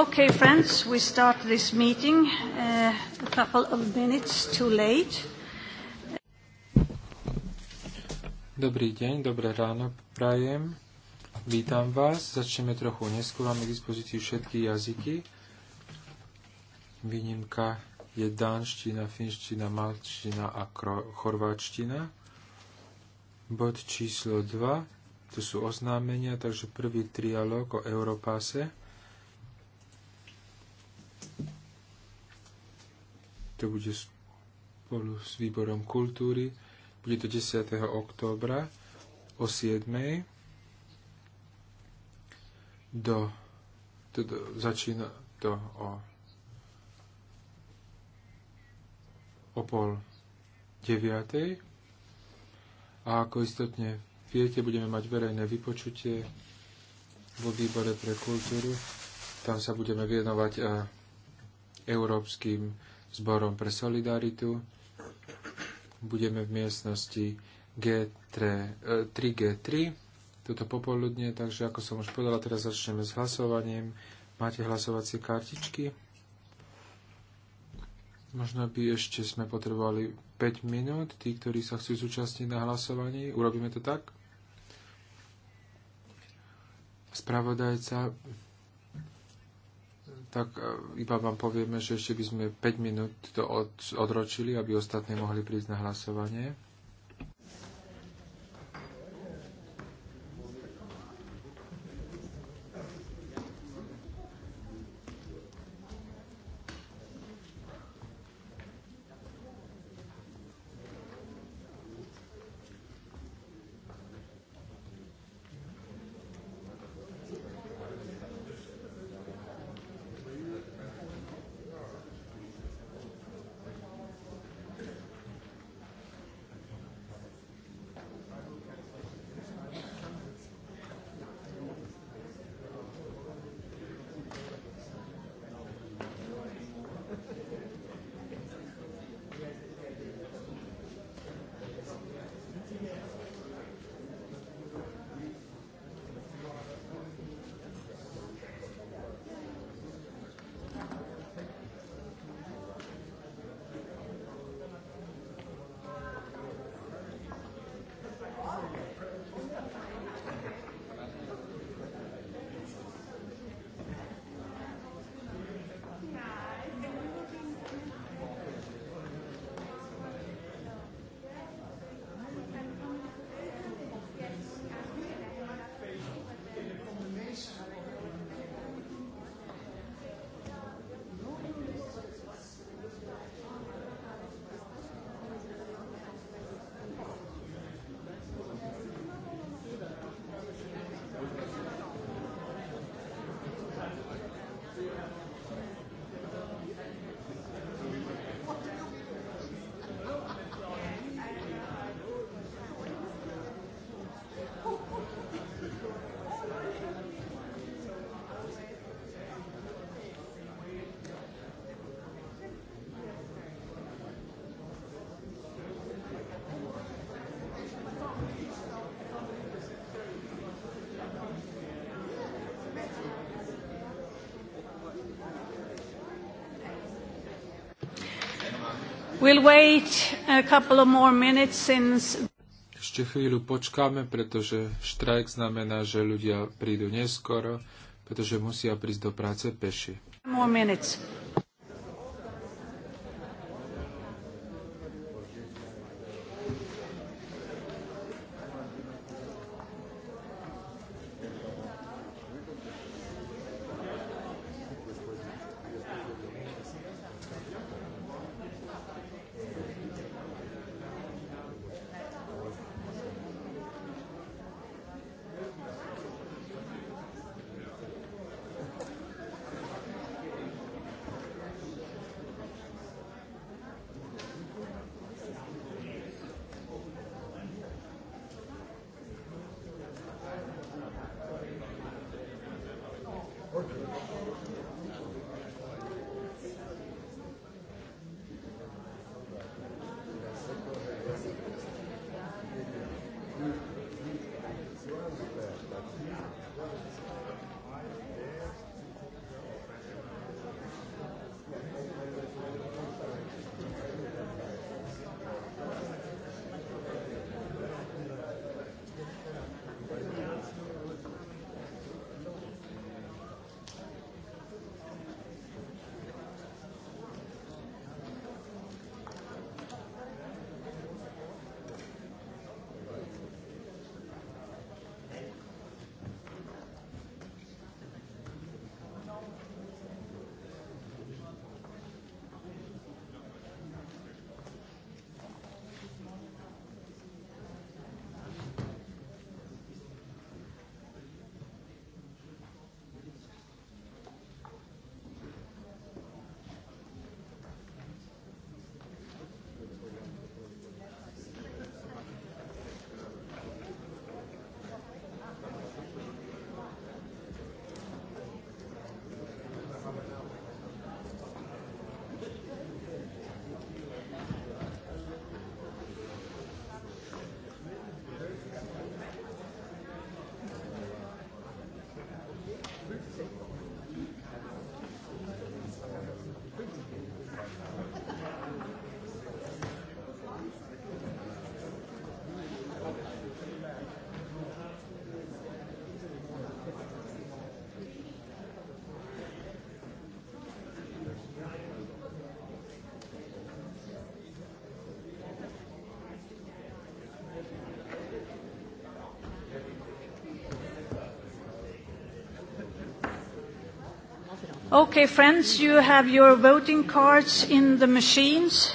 Okay, friends, we start this meeting uh, a couple of minutes too late. Dobrý deň, dobré ráno prajem. Vítam vás. Začneme trochu neskôr. Máme k dispozícii všetky jazyky. Výnimka je dánština, finština, malčtina a chorváčtina. Bod číslo 2. To sú oznámenia, takže prvý trialóg o Európase. To bude spolu s výborom kultúry. Bude to 10. októbra o 7. Do, do, do začína to o, o pol 9. A ako istotne viete, budeme mať verejné vypočutie vo výbore pre kultúru. Tam sa budeme venovať európskym zborom pre solidaritu. Budeme v miestnosti G3, 3G3 e, toto popoludne, takže ako som už povedala, teraz začneme s hlasovaním. Máte hlasovacie kartičky? Možno by ešte sme potrebovali 5 minút, tí, ktorí sa chcú zúčastniť na hlasovaní. Urobíme to tak? Spravodajca tak e, iba vám povieme, že ešte by sme 5 minút to odročili, aby ostatní mohli prísť na hlasovanie. We'll wait a couple of more minutes since... Ešte chvíľu počkáme, pretože štrajk znamená, že ľudia prídu neskoro, pretože musia prísť do práce peši. More minutes. Okay, friends, you have your voting cards in the machines.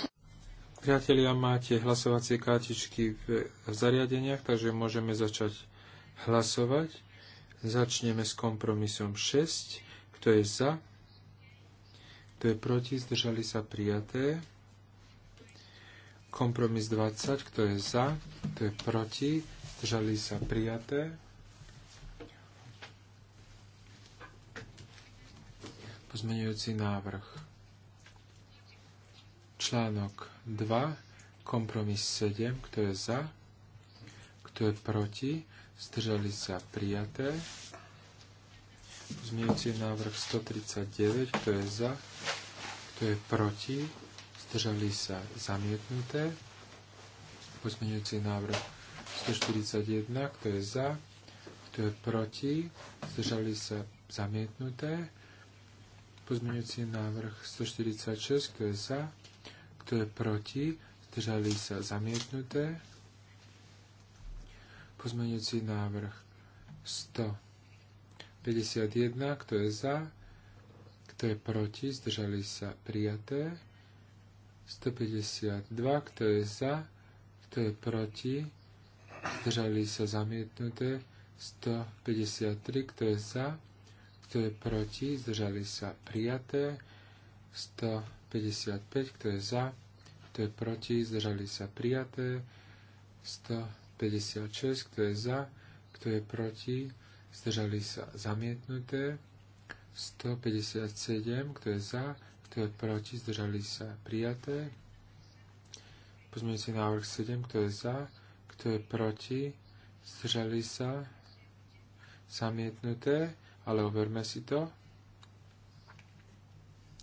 Priatelia, máte hlasovacie kartičky v zariadeniach, takže môžeme začať hlasovať. Začneme s kompromisom 6. Kto je za? Kto je proti? Zdržali sa prijaté. Kompromis 20. Kto je za? Kto je proti? Zdržali sa prijaté. pozmeňujúci návrh. Článok 2, kompromis 7, kto je za, kto je proti, zdržali sa prijaté. Pozmeňujúci návrh 139, kto je za, kto je proti, zdržali sa zamietnuté. Pozmeňujúci návrh 141, kto je za, kto je proti, zdržali sa zamietnuté. Pozmeňujúci návrh 146, kto je za, kto je proti, zdržali sa zamietnuté. Pozmeňujúci návrh 151, kto je za, kto je proti, zdržali sa prijaté. 152, kto je za, kto je proti, zdržali sa zamietnuté. 153, kto je za, kto je proti, zdržali sa prijaté, 155, kto je za, kto je proti, zdržali sa prijaté, 156, kto je za, kto je proti, zdržali sa zamietnuté, 157, kto je za, kto je proti, zdržali sa prijaté, pozmeňujúci návrh 7, kto je za, kto je proti, zdržali sa zamietnuté, ale overme si to.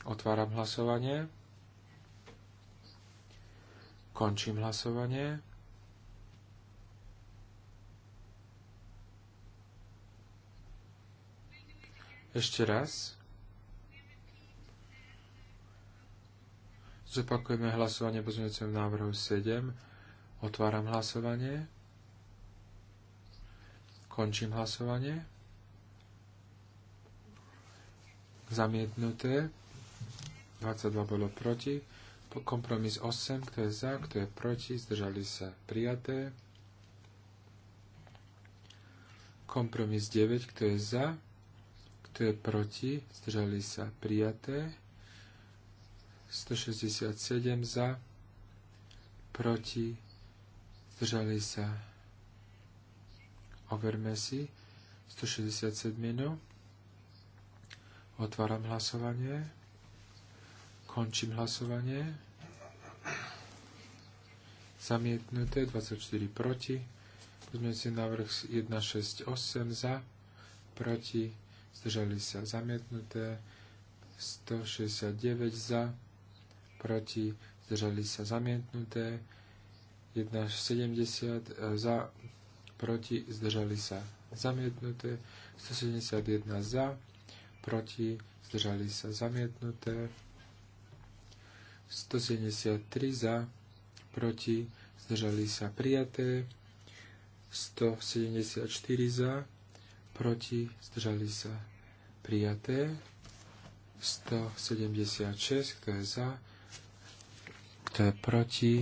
Otváram hlasovanie. Končím hlasovanie. Ešte raz. Zopakujeme hlasovanie pozmeňujúcem návrhu 7. Otváram hlasovanie. Končím hlasovanie. zamietnuté, 22 bolo proti, kompromis 8, kto je za, kto je proti, zdržali sa prijaté, kompromis 9, kto je za, kto je proti, zdržali sa prijaté, 167 za, proti, zdržali sa, overme si, 167 minút, Otváram hlasovanie. Končím hlasovanie. Zamietnuté 24 proti. si návrh 168 za, proti, zdržali sa zamietnuté, 169 za, proti, zdržali sa zamietnuté, 170 e, za, proti, zdržali sa zamietnuté, 171 za, proti, zdržali sa zamietnuté, 173 za, proti, zdržali sa prijaté, 174 za, proti, zdržali sa prijaté, 176, kto je za, kto je proti,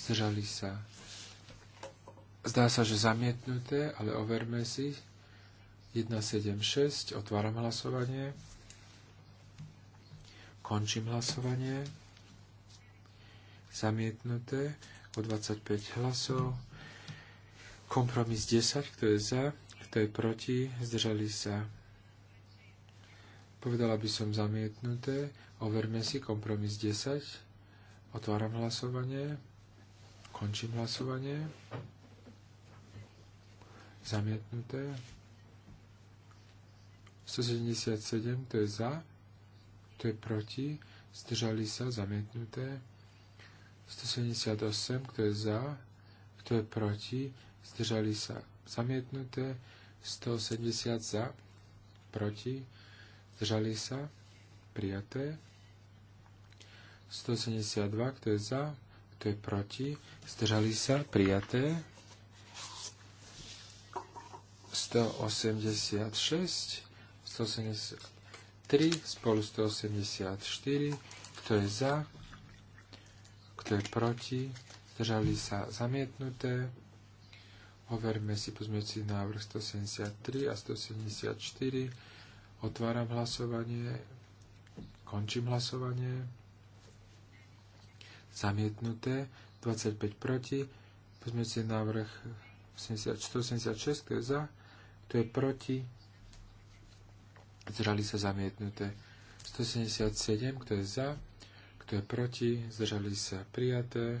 zdržali sa. Zdá sa, že zamietnuté, ale overme si. 176. Otváram hlasovanie. Končím hlasovanie. Zamietnuté o 25 hlasov. Kompromis 10. Kto je za? Kto je proti? Zdržali sa. Povedala by som zamietnuté. Overme si kompromis 10. Otváram hlasovanie. Končím hlasovanie. Zamietnuté. 177, to je za, to je proti, zdržali sa, zamietnuté. 178, kto je za, kto je proti, zdržali sa, zamietnuté. 180 za, proti, zdržali sa, prijaté. 172, kto je za, kto je proti, zdržali sa, prijaté. 186, 183 spolu 184. Kto je za? Kto je proti? Zdržali sa zamietnuté. Overme si pozmeňujúci návrh 173 a 174. Otváram hlasovanie. Končím hlasovanie. Zamietnuté. 25 proti. Pozmeňujúci návrh 176. Kto je za? Kto je proti? zdržali sa zamietnuté. 177, kto je za, kto je proti, zdržali sa prijaté.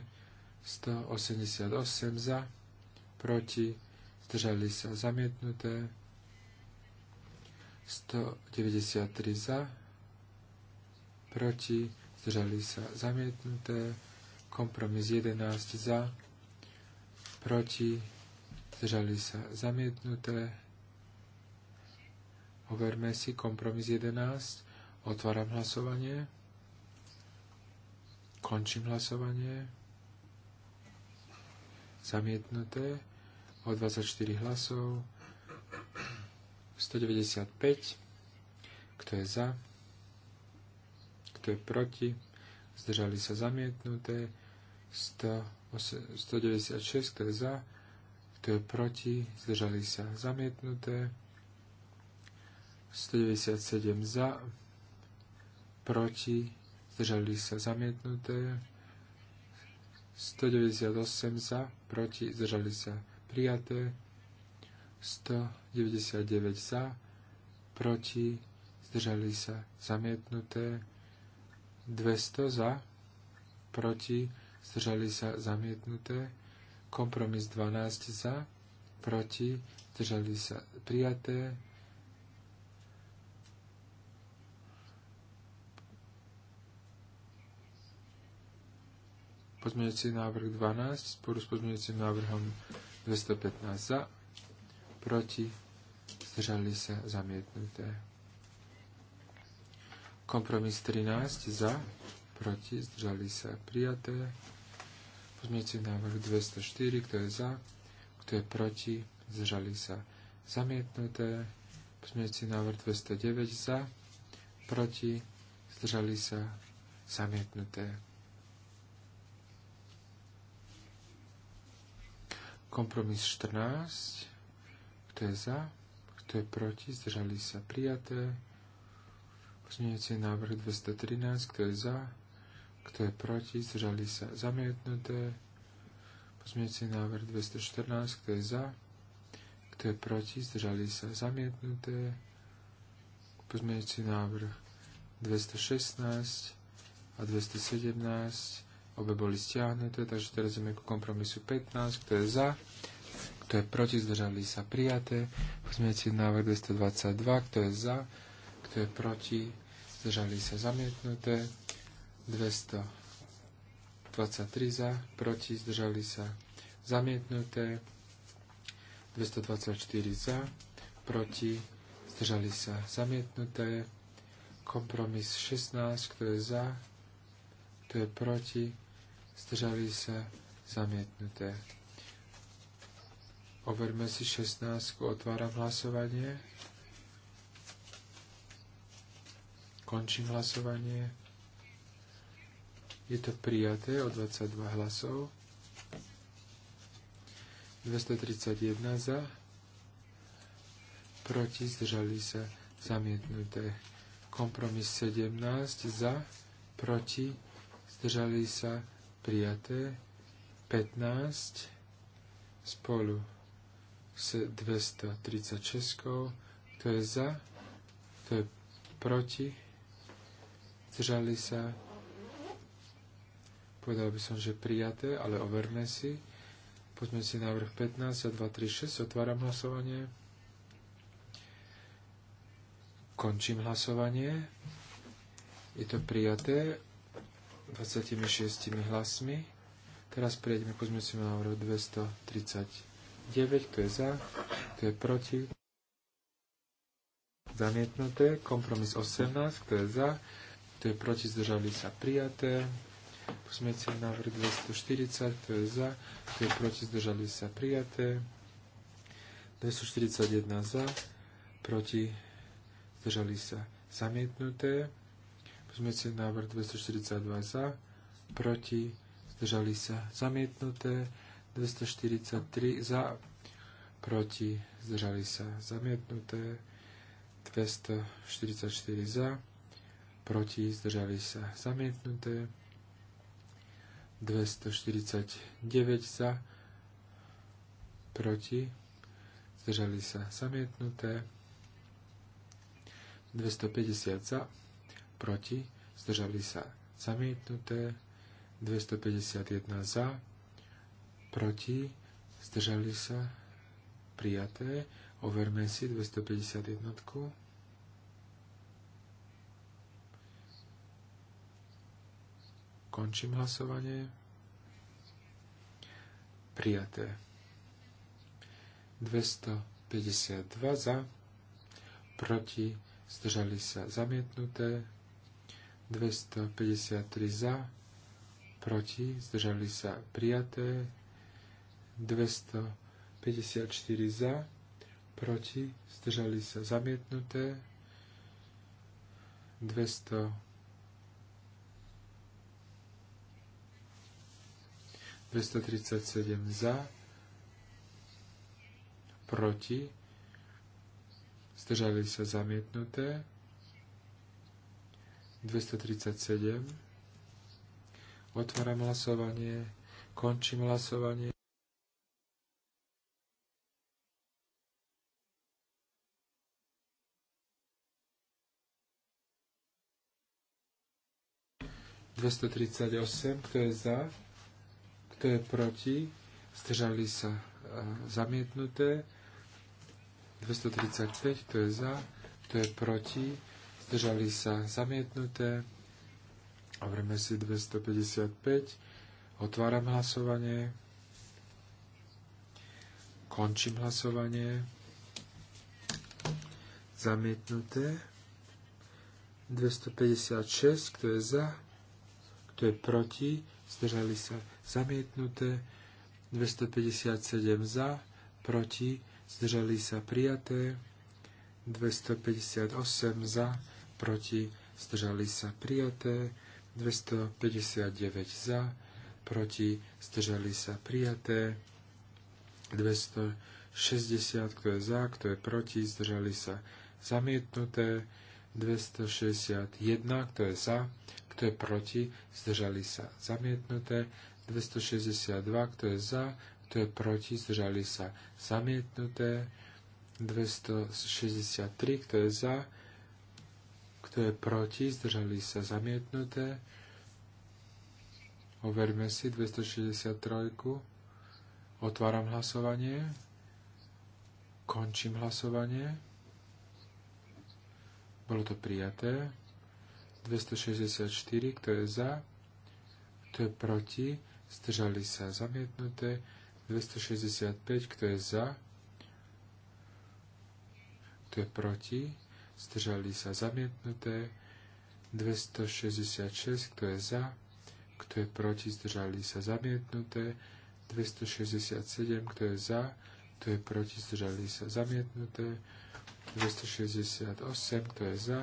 188 za, proti, zdržali sa zamietnuté. 193 za, proti, zdržali sa zamietnuté. Kompromis 11 za, proti, zdržali sa zamietnuté. Overme si kompromis 11. Otváram hlasovanie. Končím hlasovanie. Zamietnuté o 24 hlasov. 195. Kto je za? Kto je proti? Zdržali sa zamietnuté. 196. Kto je za? Kto je proti? Zdržali sa zamietnuté. 197 za, proti, zdržali sa zamietnuté, 198 za, proti, zdržali sa prijaté, 199 za, proti, zdržali sa zamietnuté, 200 za, proti, zdržali sa zamietnuté, kompromis 12 za, proti, zdržali sa prijaté, Pozmeňujúci návrh 12 spolu s pozmeňujúcim návrhom 215 za, proti, zdržali sa zamietnuté. Kompromis 13 za, proti, zdržali sa prijaté. Pozmeňujúci návrh 204, kto je za, kto je proti, zdržali sa zamietnuté. Pozmeňujúci návrh 209 za, proti, zdržali sa zamietnuté. Kompromis 14. Kto je za? Kto je proti? Zdržali sa prijaté. Pozmeňujúci návrh 213. Kto je za? Kto je proti? Zdržali sa zamietnuté. Pozmeňujúci návrh 214. Kto je za? Kto je proti? Zdržali sa zamietnuté. Pozmeňujúci návrh 216 a 217 Obe boli stiahnuté, takže teraz ideme ku kompromisu 15. Kto je za? Kto je proti? Zdržali sa prijaté. Pozmiete návrh 222. Kto je za? Kto je proti? Zdržali sa zamietnuté. 223 za, proti, zdržali sa zamietnuté. 224 za, proti, zdržali sa zamietnuté kompromis 16, kto je za, kto je proti, zdržali sa, zamietnuté. Overme si 16, otváram hlasovanie. Končím hlasovanie. Je to prijaté o 22 hlasov. 231 za, proti, zdržali sa, zamietnuté. Kompromis 17 za, proti, zdržali sa, prijaté, 15 spolu s 236, kto je za, kto je proti, zdržali sa, povedal by som, že prijaté, ale overme si. Poďme si návrh 15 a 236, otváram hlasovanie. Končím hlasovanie. Je to prijaté. 26 hlasmi. Teraz prejdeme k pozmeňujúcemu návrhu 239, kto je za, kto je proti. Zamietnuté. Kompromis 18, kto je za, kto je proti, zdržali sa prijaté. Pozmeňujúci návrh 240, kto je za, kto je proti, zdržali sa prijaté. 241 za, proti, zdržali sa zamietnuté. Pozmeňujúci návrh 242 za, proti, zdržali sa zamietnuté, 243 za, proti, zdržali sa zamietnuté, 244 za, proti, zdržali sa zamietnuté, 249 za, proti, zdržali sa zamietnuté, 250 za, proti, zdržali sa zamietnuté, 251 za, proti, zdržali sa prijaté, overme si 251. Končím hlasovanie. Prijaté. 252 za, proti, zdržali sa zamietnuté, 253 za, proti, zdržali sa prijaté, 254 za, proti, zdržali sa zamietnuté, 200 237 za, proti, zdržali sa zamietnuté, 237. Otváram hlasovanie. Končím hlasovanie. kto je za, kto je proti, zdržali sa e, zamietnuté. 235, kto je za, kto je proti, Držali sa zamietnuté. v si 255. Otváram hlasovanie. Končím hlasovanie. Zamietnuté. 256, kto je za, kto je proti, zdržali sa zamietnuté. 257 za, proti, zdržali sa prijaté. 258 za, proti, zdržali sa prijaté, 259 za, proti, zdržali sa prijaté, 260, kto je za, kto je proti, zdržali sa zamietnuté, 261, kto je za, kto je proti, zdržali sa zamietnuté, 262, kto je za, kto je proti, zdržali sa zamietnuté, 263, kto je za, kto je proti? Zdržali sa zamietnuté. Overme si 263. Otváram hlasovanie. Končím hlasovanie. Bolo to prijaté. 264, kto je za, kto je proti, zdržali sa zamietnuté. 265, kto je za, kto je proti, zdržali sa zamietnuté, 266, kto je za, kto je proti, zdržali sa zamietnuté, 267, kto je za, kto je proti, zdržali sa zamietnuté, 268, kto je za,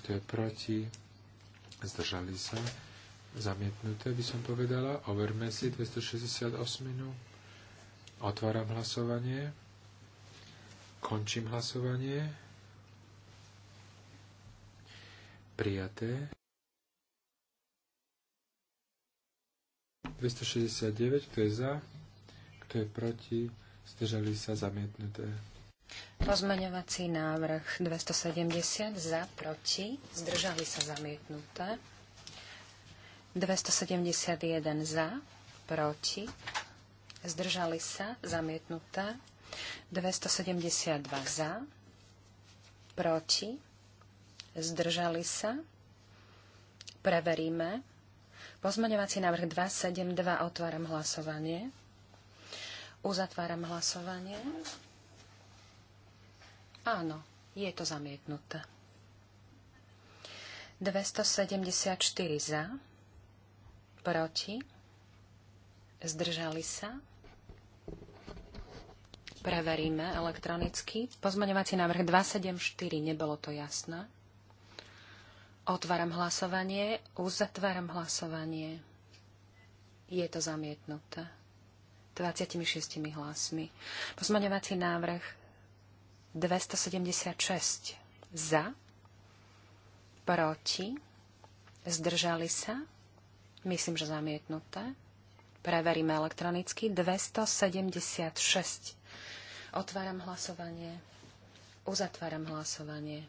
kto je proti, zdržali sa zamietnuté, by som povedala. Overme si 268. Minú. Otváram hlasovanie. Končím hlasovanie. prijaté. 269, kto je za, kto je proti, zdržali sa zamietnuté. Pozmeňovací návrh 270 za, proti, zdržali sa zamietnuté. 271 za, proti, zdržali sa zamietnuté. 272 za, proti, zdržali sa, preveríme. Pozmeňovací návrh 272, otváram hlasovanie. Uzatváram hlasovanie. Áno, je to zamietnuté. 274 za, proti, zdržali sa. Preveríme elektronicky. Pozmeňovací návrh 274, nebolo to jasné. Otváram hlasovanie, uzatváram hlasovanie. Je to zamietnuté. 26 hlasmi. Pozmaňovací návrh 276 za, proti, zdržali sa, myslím, že zamietnuté. Preveríme elektronicky 276. Otváram hlasovanie, uzatváram hlasovanie.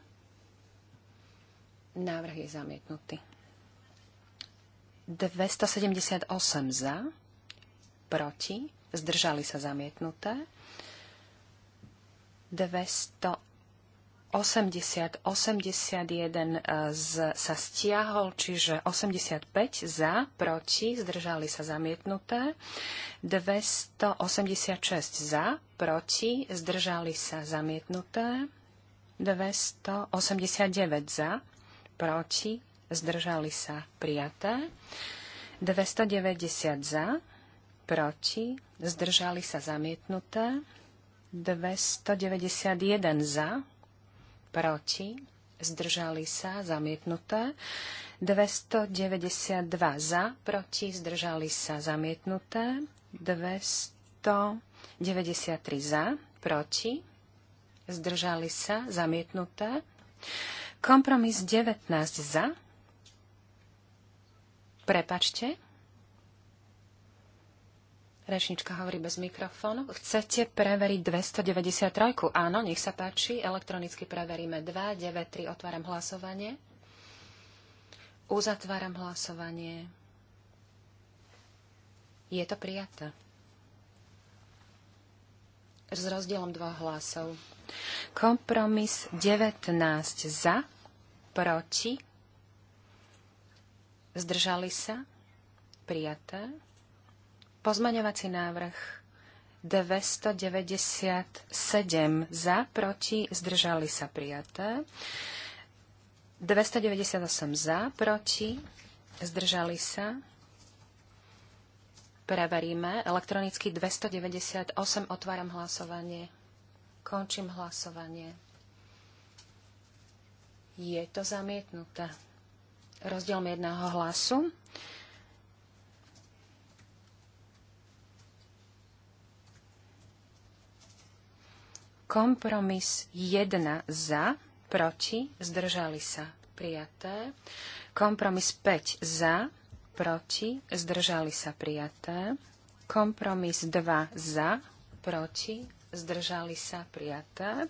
Návrh je zamietnutý. 278 za, proti, zdržali sa zamietnuté. 280, 81 e, z, sa stiahol, čiže 85 za, proti, zdržali sa zamietnuté. 286 za, proti, zdržali sa zamietnuté. 289 za, proti, zdržali sa prijaté. 290 za, proti, zdržali sa zamietnuté. 291 za, proti, zdržali sa zamietnuté. 292 za, proti, zdržali sa zamietnuté. 293 za, proti, zdržali sa zamietnuté. Kompromis 19 za. Prepačte. Rečnička hovorí bez mikrofónu. Chcete preveriť 293? Áno, nech sa páči. Elektronicky preveríme 2, 9, 3. Otváram hlasovanie. Uzatváram hlasovanie. Je to prijaté s rozdielom dvoch hlasov. Kompromis 19 za, proti, zdržali sa, prijaté. Pozmaňovací návrh 297 za, proti, zdržali sa, prijaté. 298 za, proti, zdržali sa, Preveríme. Elektronicky 298. Otváram hlasovanie. Končím hlasovanie. Je to zamietnuté. Rozdielom jedného hlasu. Kompromis 1 za, proti, zdržali sa, prijaté. Kompromis 5 za, proti, zdržali sa prijaté. Kompromis 2 za, proti, zdržali sa prijaté.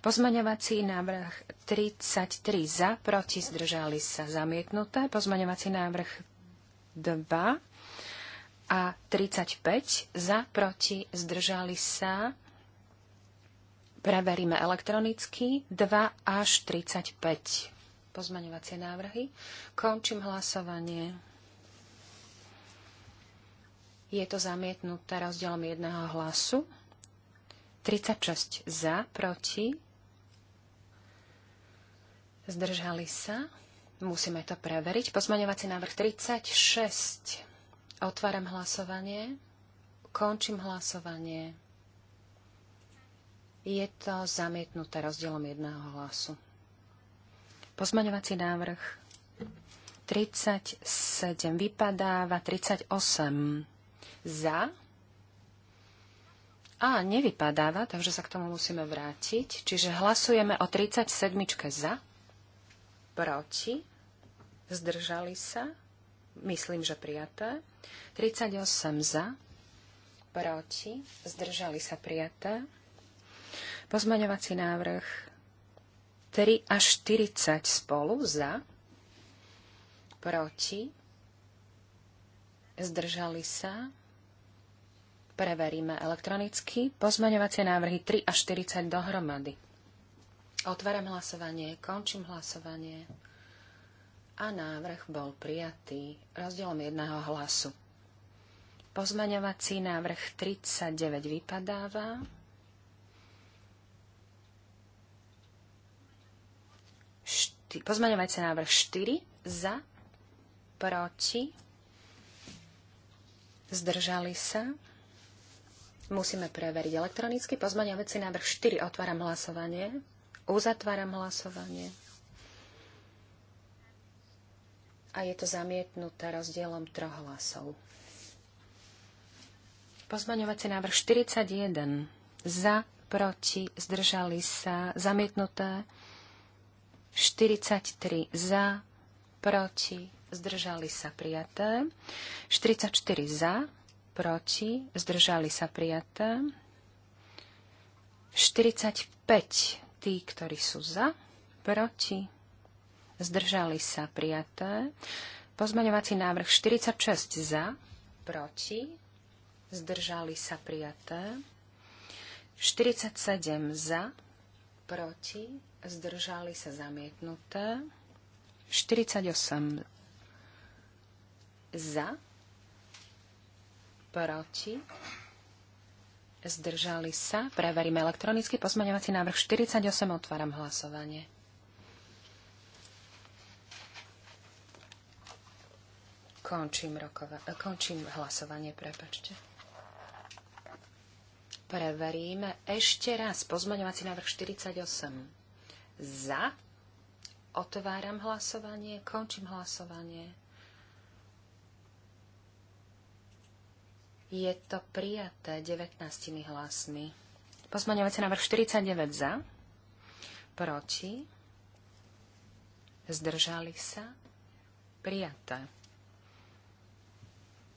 Pozmaňovací návrh 33 za, proti, zdržali sa zamietnuté. Pozmaňovací návrh 2 a 35 za, proti, zdržali sa. Preveríme elektronicky 2 až 35 pozmaňovacie návrhy. Končím hlasovanie. Je to zamietnuté rozdielom jedného hlasu. 36 za, proti. Zdržali sa. Musíme to preveriť. Pozmaňovací návrh 36. Otváram hlasovanie. Končím hlasovanie. Je to zamietnuté rozdielom jedného hlasu. Pozmaňovací návrh 37 vypadáva 38 za a nevypadáva, takže sa k tomu musíme vrátiť. Čiže hlasujeme o 37 za, proti, zdržali sa, myslím, že prijaté. 38 za, proti, zdržali sa prijaté. Pozmaňovací návrh 3 až 40 spolu za, proti, zdržali sa, Preveríme elektronicky pozmaňovacie návrhy 3 až 40 dohromady. Otváram hlasovanie, končím hlasovanie a návrh bol prijatý rozdielom jedného hlasu. Pozmaňovací návrh 39 vypadáva. Šty- pozmaňovací návrh 4 za, proti, zdržali sa. Musíme preveriť elektronicky. Pozmania veci návrh 4. Otváram hlasovanie. Uzatváram hlasovanie. A je to zamietnuté rozdielom troch hlasov. Pozmaňovací návrh 41. Za, proti, zdržali sa, zamietnuté. 43. Za, proti, zdržali sa, prijaté. 44. Za, proti, zdržali sa prijaté. 45 tí, ktorí sú za, proti, zdržali sa prijaté. Pozmaňovací návrh 46 za, proti, zdržali sa prijaté. 47 za, proti, zdržali sa zamietnuté. 48 za, proti, zdržali sa. Preveríme elektronicky pozmeňovací návrh 48. Otváram hlasovanie. Končím, rokova- končím hlasovanie, prepačte. Preveríme ešte raz pozmeňovací návrh 48. Za. Otváram hlasovanie, končím hlasovanie. Je to prijaté 19 hlasmi. Pozmaňovací návrh 49 za, proti, zdržali sa, prijaté.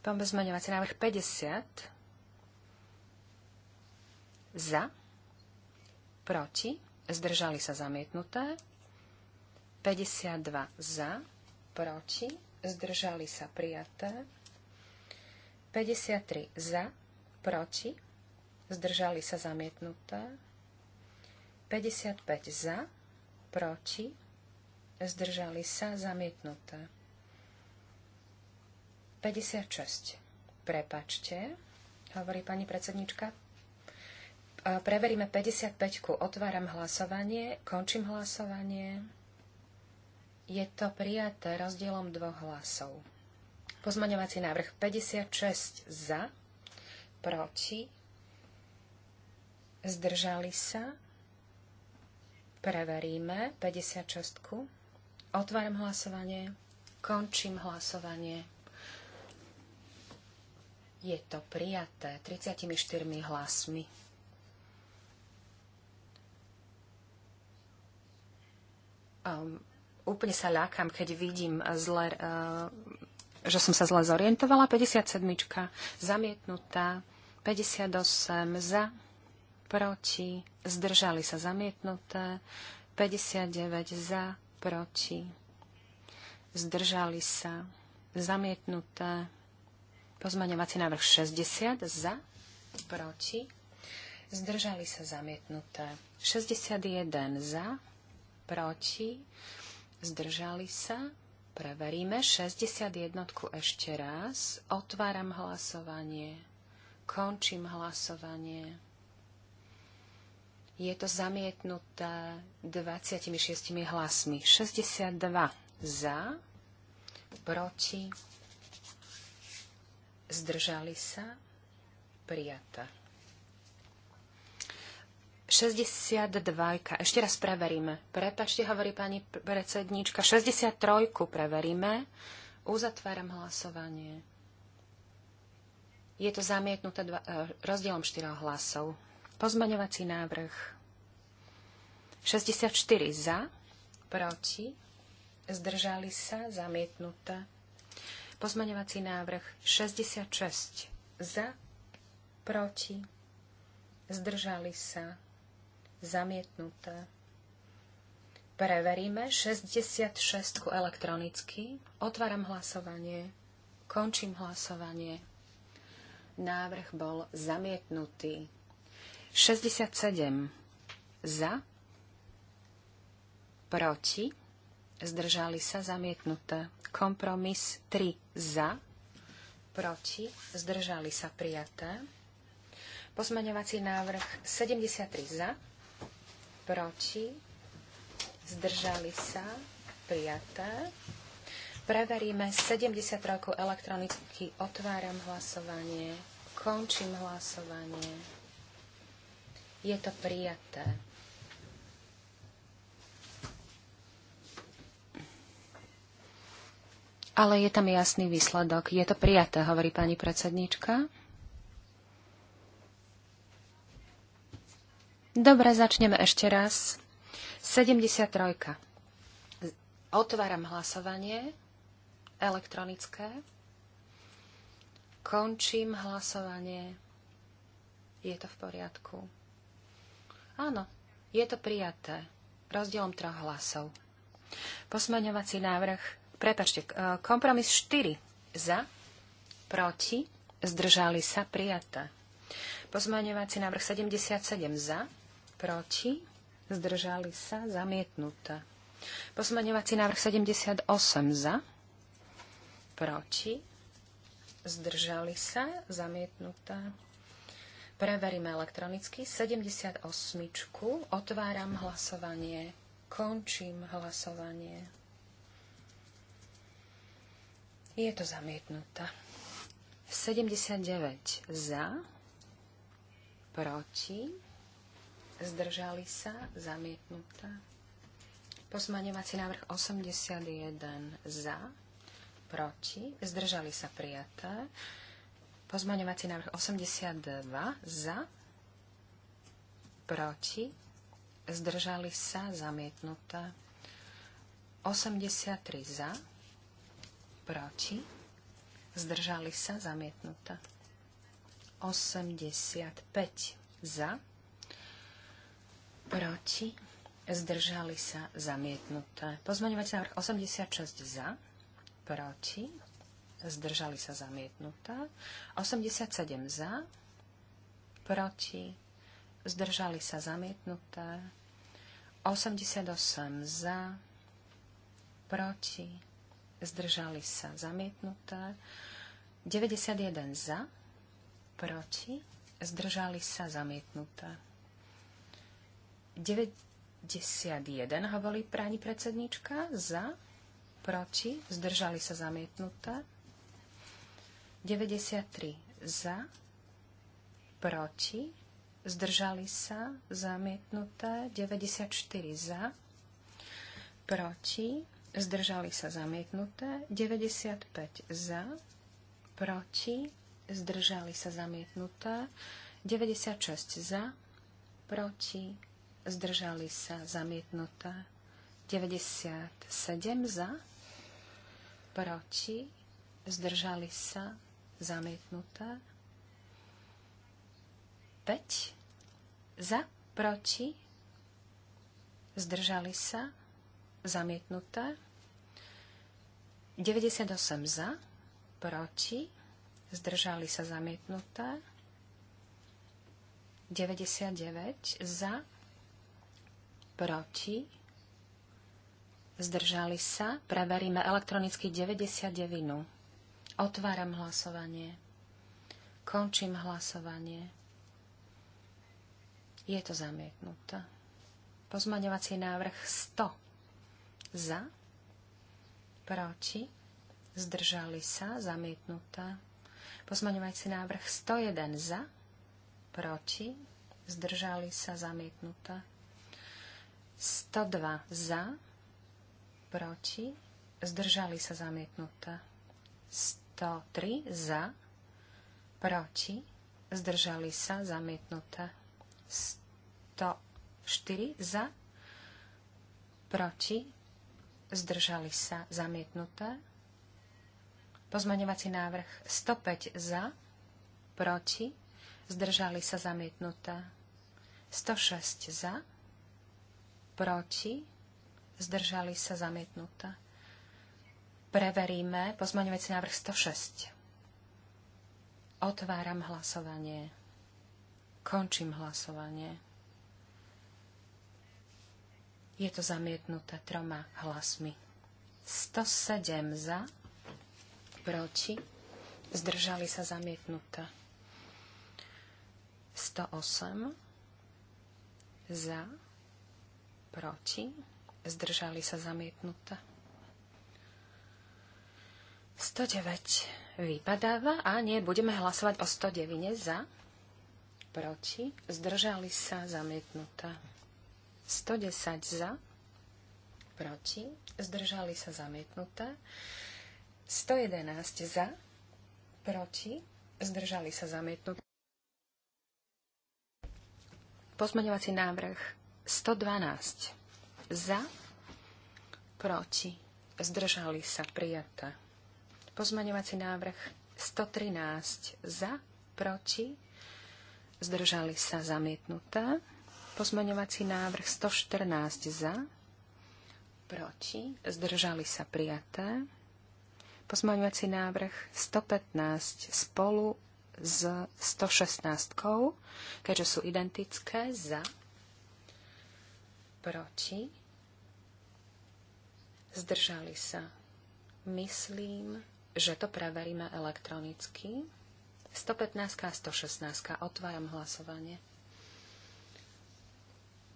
Pozmaňovací návrh 50 za, proti, zdržali sa zamietnuté, 52 za, proti, zdržali sa prijaté, 53 za, proti, zdržali sa zamietnuté. 55 za, proti, zdržali sa zamietnuté. 56. Prepačte, hovorí pani predsednička. Preveríme 55. -ku. Otváram hlasovanie, končím hlasovanie. Je to prijaté rozdielom dvoch hlasov. Pozmaňovací návrh 56 za, proti, zdržali sa. Preveríme 56. -ku. Otváram hlasovanie, končím hlasovanie. Je to prijaté 34 hlasmi. Um, úplne sa ľakám, keď vidím zle uh, že som sa zle zorientovala. 57. zamietnutá. 58 za, proti, zdržali sa zamietnuté. 59 za, proti, zdržali sa zamietnuté. Pozmaňovací návrh 60 za, proti, zdržali sa zamietnuté. 61 za, proti, zdržali sa Preveríme 61 ešte raz. Otváram hlasovanie. Končím hlasovanie. Je to zamietnuté 26 hlasmi. 62 za, proti, zdržali sa, prijata. 62. Ešte raz preveríme. Prepačte, hovorí pani predsedníčka. 63. preveríme. Uzatváram hlasovanie. Je to zamietnuté dva, e, rozdielom 4 hlasov. Pozmaňovací návrh 64 za, proti, zdržali sa, zamietnuté. Pozmaňovací návrh 66 za, proti, zdržali sa, zamietnuté. Preveríme 66 elektronicky. Otváram hlasovanie. Končím hlasovanie. Návrh bol zamietnutý. 67 za, proti, zdržali sa zamietnuté. Kompromis 3 za, proti, zdržali sa prijaté. Pozmeňovací návrh 73 za, proti, zdržali sa, prijaté. Preveríme 70 rokov elektronicky. Otváram hlasovanie. Končím hlasovanie. Je to prijaté. Ale je tam jasný výsledok. Je to prijaté, hovorí pani predsednička. Dobre, začneme ešte raz. 73. Otváram hlasovanie elektronické. Končím hlasovanie. Je to v poriadku. Áno, je to prijaté. Rozdielom troch hlasov. Posmaňovací návrh, prepačte, e, kompromis 4. Za, proti, zdržali sa, prijaté. Pozmaňovací návrh 77 za, proti, zdržali sa, zamietnuté. posmaňovací návrh 78 za, proti, zdržali sa, zamietnuté. Preveríme elektronicky 78. Otváram hlasovanie. Končím hlasovanie. Je to zamietnuté. 79 za, proti, zdržali sa, zamietnutá. Pozmaňovací návrh 81 za, proti, zdržali sa prijaté. Pozmaňovací návrh 82 za, proti, zdržali sa, zamietnutá. 83 za, proti, zdržali sa, zamietnutá. 85 za, proti, zdržali sa zamietnuté. Pozmeňovať sa 86 za, proti, zdržali sa zamietnuté. 87 za, proti, zdržali sa zamietnuté. 88 za, proti, zdržali sa zamietnuté. 91 za, proti, zdržali sa zamietnuté. 91 hovorí práni predsednička za, proti, zdržali sa zamietnuté. 93 za, proti, zdržali sa zamietnuté. 94 za, proti, zdržali sa zamietnuté. 95 za, proti, zdržali sa zamietnuté. 96 za, proti, zdržali sa zamietnutá. 97 za, proti, zdržali sa zamietnutá. 5 za, proti, zdržali sa zamietnutá. 98 za, proti, zdržali sa zamietnutá. 99 za, proti, zdržali sa, preveríme elektronicky 99. Otváram hlasovanie. Končím hlasovanie. Je to zamietnuté. Pozmaňovací návrh 100. Za, proti, zdržali sa, zamietnuté. Pozmaňovací návrh 101 za, proti, zdržali sa, zamietnuté. 102 za, proti, zdržali sa zamietnuté. 103 za, proti, zdržali sa zamietnuté. 104 za, proti, zdržali sa zamietnuté. Pozmaňovací návrh 105 za, proti, zdržali sa zamietnuté. 106 za, proti, zdržali sa zamietnuté. Preveríme pozmaňovací návrh 106. Otváram hlasovanie. Končím hlasovanie. Je to zamietnuté troma hlasmi. 107 za, proti, zdržali sa zamietnuté. 108 za, proti, zdržali sa zamietnuté. 109 vypadáva a nie, budeme hlasovať o 109 za, proti, zdržali sa zamietnuté. 110 za, proti, zdržali sa zamietnuté. 111 za, proti, zdržali sa zamietnuté. Pozmeňovací návrh 112. Za, proti, zdržali sa prijaté. Pozmaňovací návrh 113. Za, proti, zdržali sa zamietnutá, Pozmaňovací návrh 114. Za, proti, zdržali sa prijaté. Pozmaňovací návrh 115 spolu s 116, keďže sú identické za, proti, zdržali sa. Myslím, že to preveríme elektronicky. 115 a 116. Otváram hlasovanie.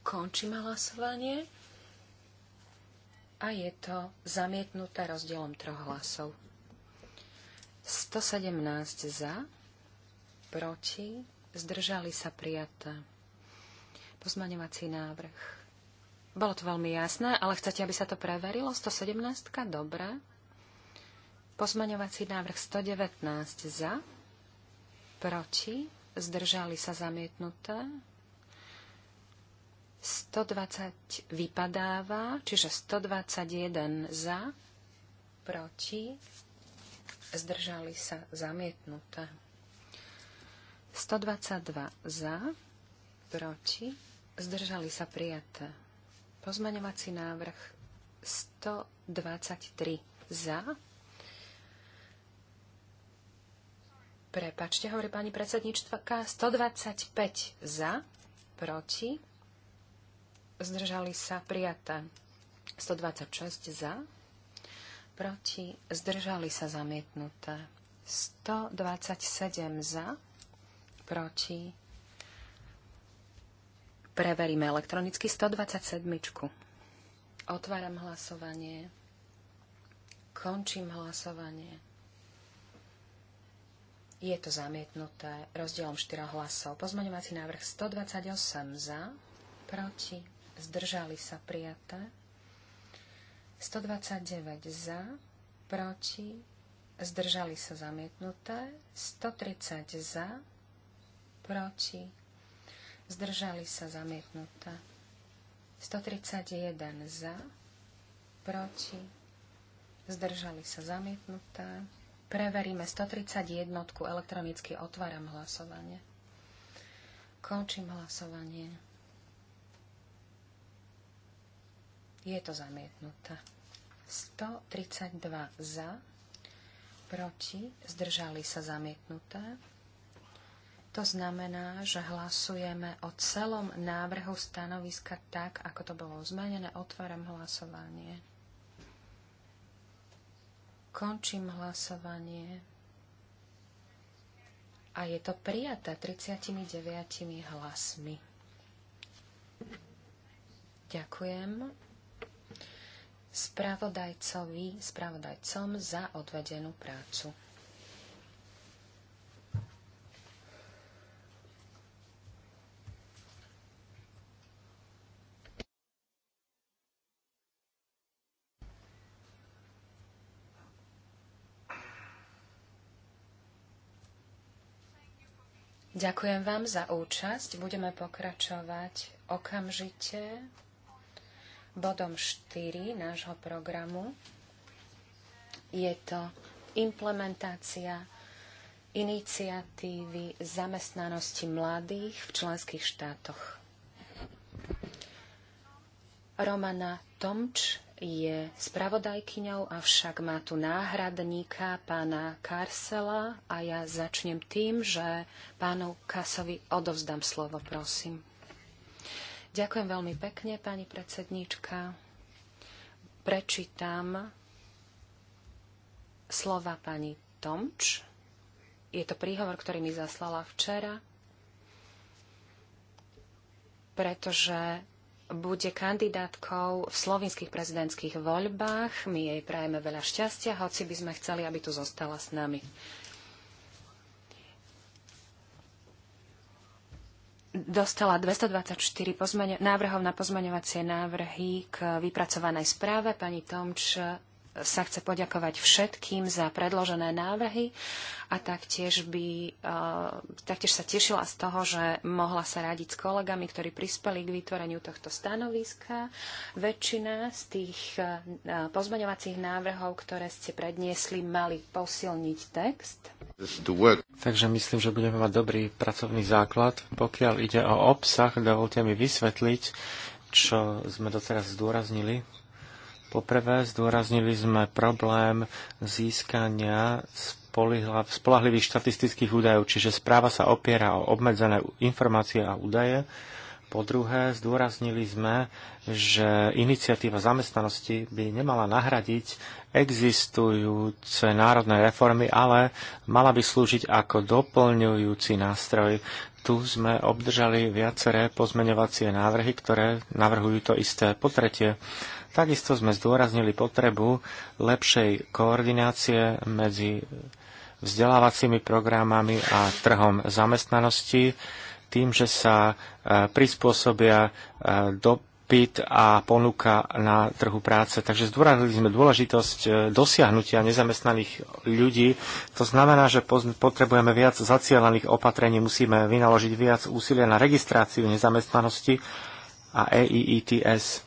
Končím hlasovanie. A je to zamietnuté rozdielom troch hlasov. 117 za, proti, zdržali sa prijaté. Pozmaňovací návrh bolo to veľmi jasné, ale chcete, aby sa to preverilo? 117? dobré. Pozmaňovací návrh 119 za, proti, zdržali sa zamietnuté. 120 vypadáva, čiže 121 za, proti, zdržali sa zamietnuté. 122 za, proti, zdržali sa prijaté. Pozmaňovací návrh 123 za. Prepačte, hovorí pani K. 125 za, proti, zdržali sa prijaté 126 za, proti, zdržali sa zamietnuté 127 za, proti, Preveríme elektronicky 127. Otváram hlasovanie. Končím hlasovanie. Je to zamietnuté rozdielom 4 hlasov. Pozmaňovací návrh 128 za, proti, zdržali sa prijaté. 129 za, proti, zdržali sa zamietnuté. 130 za, proti, zdržali sa zamietnutá. 131 za, proti, zdržali sa zamietnutá. Preveríme 131, elektronicky otváram hlasovanie. Končím hlasovanie. Je to zamietnutá 132 za, proti, zdržali sa zamietnutá. To znamená, že hlasujeme o celom návrhu stanoviska tak, ako to bolo zmenené. Otváram hlasovanie. Končím hlasovanie. A je to prijaté 39 hlasmi. Ďakujem spravodajcovi, spravodajcom za odvedenú prácu. Ďakujem vám za účasť. Budeme pokračovať okamžite bodom 4 nášho programu. Je to implementácia iniciatívy zamestnanosti mladých v členských štátoch. Romana Tomč je spravodajkyňou, avšak má tu náhradníka pána Karsela a ja začnem tým, že pánu Kasovi odovzdám slovo, prosím. Ďakujem veľmi pekne, pani predsedníčka. Prečítam slova pani Tomč. Je to príhovor, ktorý mi zaslala včera, pretože bude kandidátkou v slovinských prezidentských voľbách. My jej prajeme veľa šťastia, hoci by sme chceli, aby tu zostala s nami. Dostala 224 pozmene- návrhov na pozmaňovacie návrhy k vypracovanej správe. Pani Tomč sa chce poďakovať všetkým za predložené návrhy a taktiež, by, eh, taktiež sa tešila z toho, že mohla sa radiť s kolegami, ktorí prispeli k vytvoreniu tohto stanoviska. Väčšina z tých eh, pozmeňovacích návrhov, ktoré ste predniesli, mali posilniť text. Takže myslím, že budeme mať dobrý pracovný základ. Pokiaľ ide o obsah, dovolte mi vysvetliť, čo sme doteraz zdôraznili Poprvé zdôraznili sme problém získania spolahlivých štatistických údajov, čiže správa sa opiera o obmedzené informácie a údaje. Po druhé, zdôraznili sme, že iniciatíva zamestnanosti by nemala nahradiť existujúce národné reformy, ale mala by slúžiť ako doplňujúci nástroj. Tu sme obdržali viaceré pozmeňovacie návrhy, ktoré navrhujú to isté. Po tretie, Takisto sme zdôraznili potrebu lepšej koordinácie medzi vzdelávacími programami a trhom zamestnanosti tým, že sa e, prispôsobia e, dopyt a ponuka na trhu práce. Takže zdôraznili sme dôležitosť e, dosiahnutia nezamestnaných ľudí. To znamená, že potrebujeme viac zacielaných opatrení, musíme vynaložiť viac úsilia na registráciu nezamestnanosti a EIITS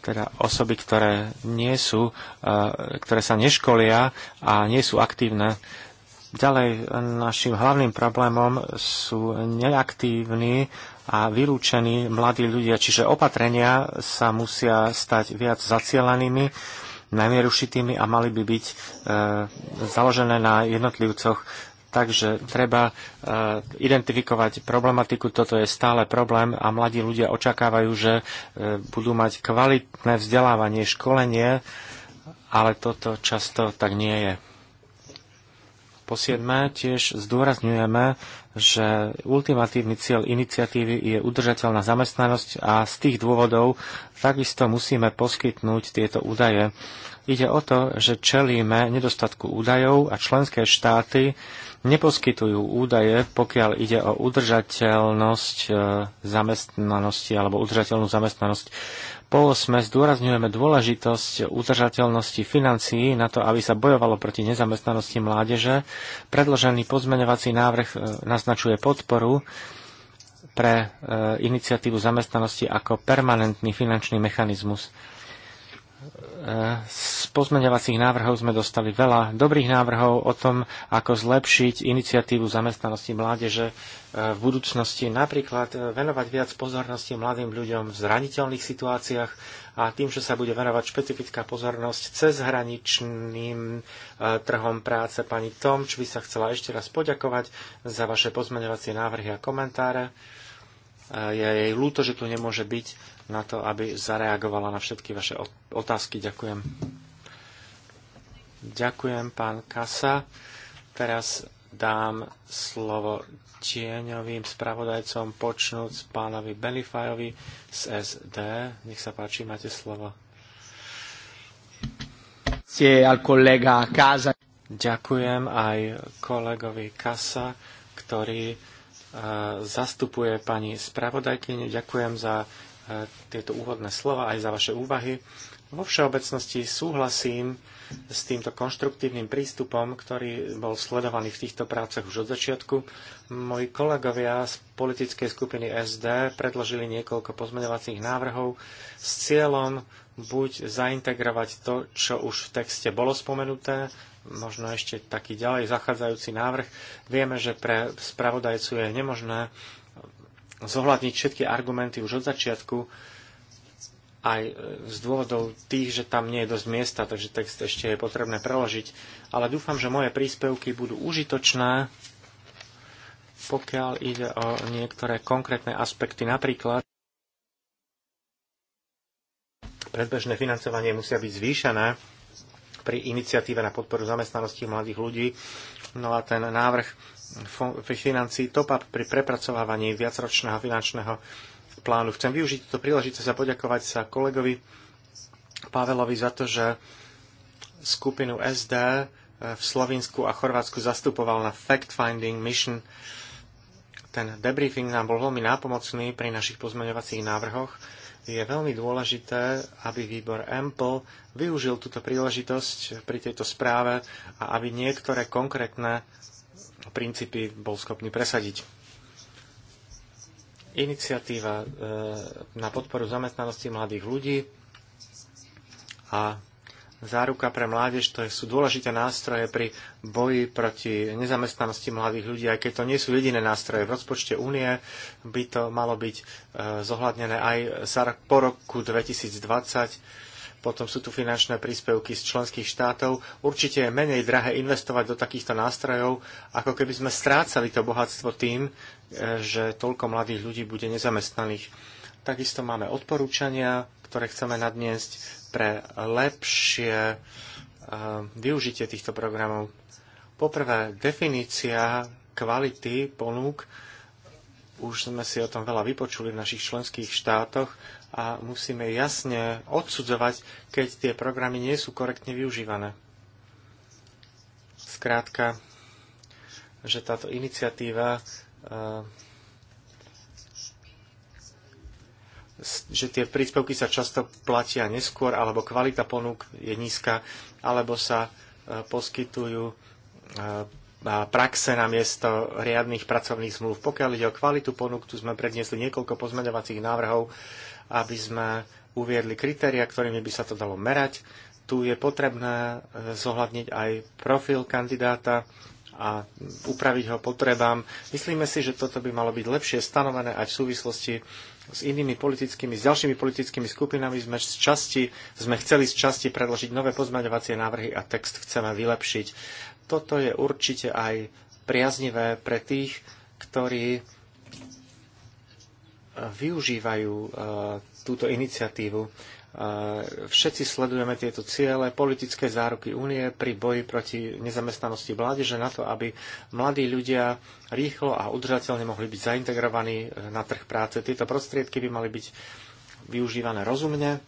teda osoby, ktoré nie sú, e, ktoré sa neškolia a nie sú aktívne. Ďalej, našim hlavným problémom sú neaktívni a vylúčení mladí ľudia, čiže opatrenia sa musia stať viac zacielanými, najmä rušitými a mali by byť e, založené na jednotlivcoch Takže treba e, identifikovať problematiku, toto je stále problém a mladí ľudia očakávajú, že e, budú mať kvalitné vzdelávanie, školenie, ale toto často tak nie je. Po siedme tiež zdôrazňujeme, že ultimatívny cieľ iniciatívy je udržateľná zamestnanosť a z tých dôvodov takisto musíme poskytnúť tieto údaje. Ide o to, že čelíme nedostatku údajov a členské štáty neposkytujú údaje, pokiaľ ide o udržateľnosť e, zamestnanosti alebo udržateľnú zamestnanosť po osme zdôrazňujeme dôležitosť udržateľnosti financií na to, aby sa bojovalo proti nezamestnanosti mládeže. Predložený pozmeňovací návrh e, naznačuje podporu pre e, iniciatívu zamestnanosti ako permanentný finančný mechanizmus z pozmeňovacích návrhov sme dostali veľa dobrých návrhov o tom, ako zlepšiť iniciatívu zamestnanosti mládeže e, v budúcnosti, napríklad e, venovať viac pozornosti mladým ľuďom v zraniteľných situáciách a tým, že sa bude venovať špecifická pozornosť cez hraničným e, trhom práce. Pani Tomč by sa chcela ešte raz poďakovať za vaše pozmeňovacie návrhy a komentáre. Je jej ľúto, že tu nemôže byť na to, aby zareagovala na všetky vaše otázky. Ďakujem. Ďakujem, pán Kasa. Teraz dám slovo tieňovým spravodajcom, počnúc pánovi Benifajovi z SD. Nech sa páči, máte slovo. Ďakujem aj kolegovi Kasa, ktorý eh, zastupuje pani spravodajkyni. Ďakujem za tieto úvodné slova aj za vaše úvahy. Vo všeobecnosti súhlasím s týmto konštruktívnym prístupom, ktorý bol sledovaný v týchto prácach už od začiatku. Moji kolegovia z politickej skupiny SD predložili niekoľko pozmeňovacích návrhov s cieľom buď zaintegrovať to, čo už v texte bolo spomenuté, možno ešte taký ďalej zachádzajúci návrh. Vieme, že pre spravodajcu je nemožné zohľadniť všetky argumenty už od začiatku, aj e, z dôvodov tých, že tam nie je dosť miesta, takže text ešte je potrebné preložiť. Ale dúfam, že moje príspevky budú užitočné, pokiaľ ide o niektoré konkrétne aspekty. Napríklad predbežné financovanie musia byť zvýšené pri iniciatíve na podporu zamestnanosti mladých ľudí. No a ten návrh financií top pri prepracovávaní viacročného finančného plánu. Chcem využiť túto príležitosť a poďakovať sa kolegovi Pavelovi za to, že skupinu SD eh, v Slovensku a Chorvátsku zastupoval na fact-finding mission. Ten debriefing nám bol veľmi nápomocný pri našich pozmeňovacích návrhoch. Je veľmi dôležité, aby výbor EMPL využil túto príležitosť pri tejto správe a aby niektoré konkrétne princípy bol schopný presadiť. Iniciatíva e, na podporu zamestnanosti mladých ľudí a záruka pre mládež, to sú dôležité nástroje pri boji proti nezamestnanosti mladých ľudí, aj keď to nie sú jediné nástroje. V rozpočte únie by to malo byť e, zohľadnené aj po roku 2020 potom sú tu finančné príspevky z členských štátov. Určite je menej drahé investovať do takýchto nástrojov, ako keby sme strácali to bohatstvo tým, e, že toľko mladých ľudí bude nezamestnaných. Takisto máme odporúčania, ktoré chceme nadniesť pre lepšie e, využitie týchto programov. Poprvé, definícia kvality ponúk. Už sme si o tom veľa vypočuli v našich členských štátoch a musíme jasne odsudzovať, keď tie programy nie sú korektne využívané. Skrátka, že táto iniciatíva e, že tie príspevky sa často platia neskôr, alebo kvalita ponúk je nízka, alebo sa e, poskytujú e, praxe na miesto riadných pracovných zmluv. Pokiaľ ide o kvalitu ponúk, tu sme predniesli niekoľko pozmeňovacích návrhov, aby sme uviedli kritéria, ktorými by sa to dalo merať. Tu je potrebné e, zohľadniť aj profil kandidáta a upraviť ho potrebám. Myslíme si, že toto by malo byť lepšie stanovené aj v súvislosti s inými politickými, s ďalšími politickými skupinami. Sme, z časti, sme chceli z časti predložiť nové pozmaňovacie návrhy a text chceme vylepšiť. Toto je určite aj priaznivé pre tých, ktorí využívajú e, túto iniciatívu. E, všetci sledujeme tieto ciele, politické záruky únie pri boji proti nezamestnanosti mládeže na to, aby mladí ľudia rýchlo a udržateľne mohli byť zaintegrovaní e, na trh práce. Tieto prostriedky by mali byť využívané rozumne.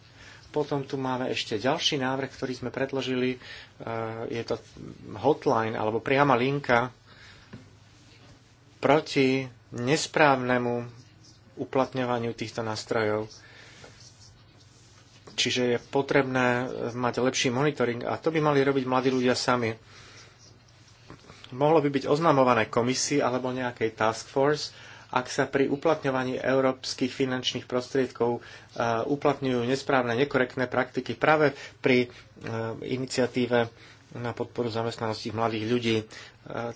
Potom tu máme ešte ďalší návrh, ktorý sme predložili. Je to hotline alebo priama linka proti nesprávnemu uplatňovaniu týchto nástrojov. Čiže je potrebné mať lepší monitoring a to by mali robiť mladí ľudia sami. Mohlo by byť oznamované komisii alebo nejakej task force, ak sa pri uplatňovaní európskych finančných prostriedkov e, uplatňujú nesprávne, nekorektné praktiky práve pri e, iniciatíve na podporu zamestnanosti mladých ľudí. E,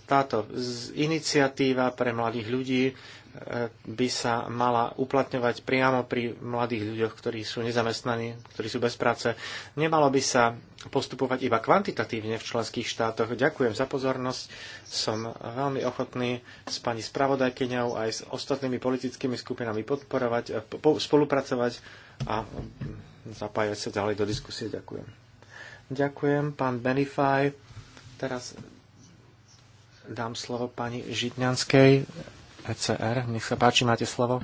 táto iniciatíva pre mladých ľudí by sa mala uplatňovať priamo pri mladých ľuďoch, ktorí sú nezamestnaní, ktorí sú bez práce. Nemalo by sa postupovať iba kvantitatívne v členských štátoch. Ďakujem za pozornosť. Som veľmi ochotný s pani spravodajkyňou aj s ostatnými politickými skupinami podporovať, spolupracovať a zapájať sa ďalej do diskusie. Ďakujem. Ďakujem, pán Benify. Teraz dám slovo pani Žitňanskej E Nech sa páči, máte slovo.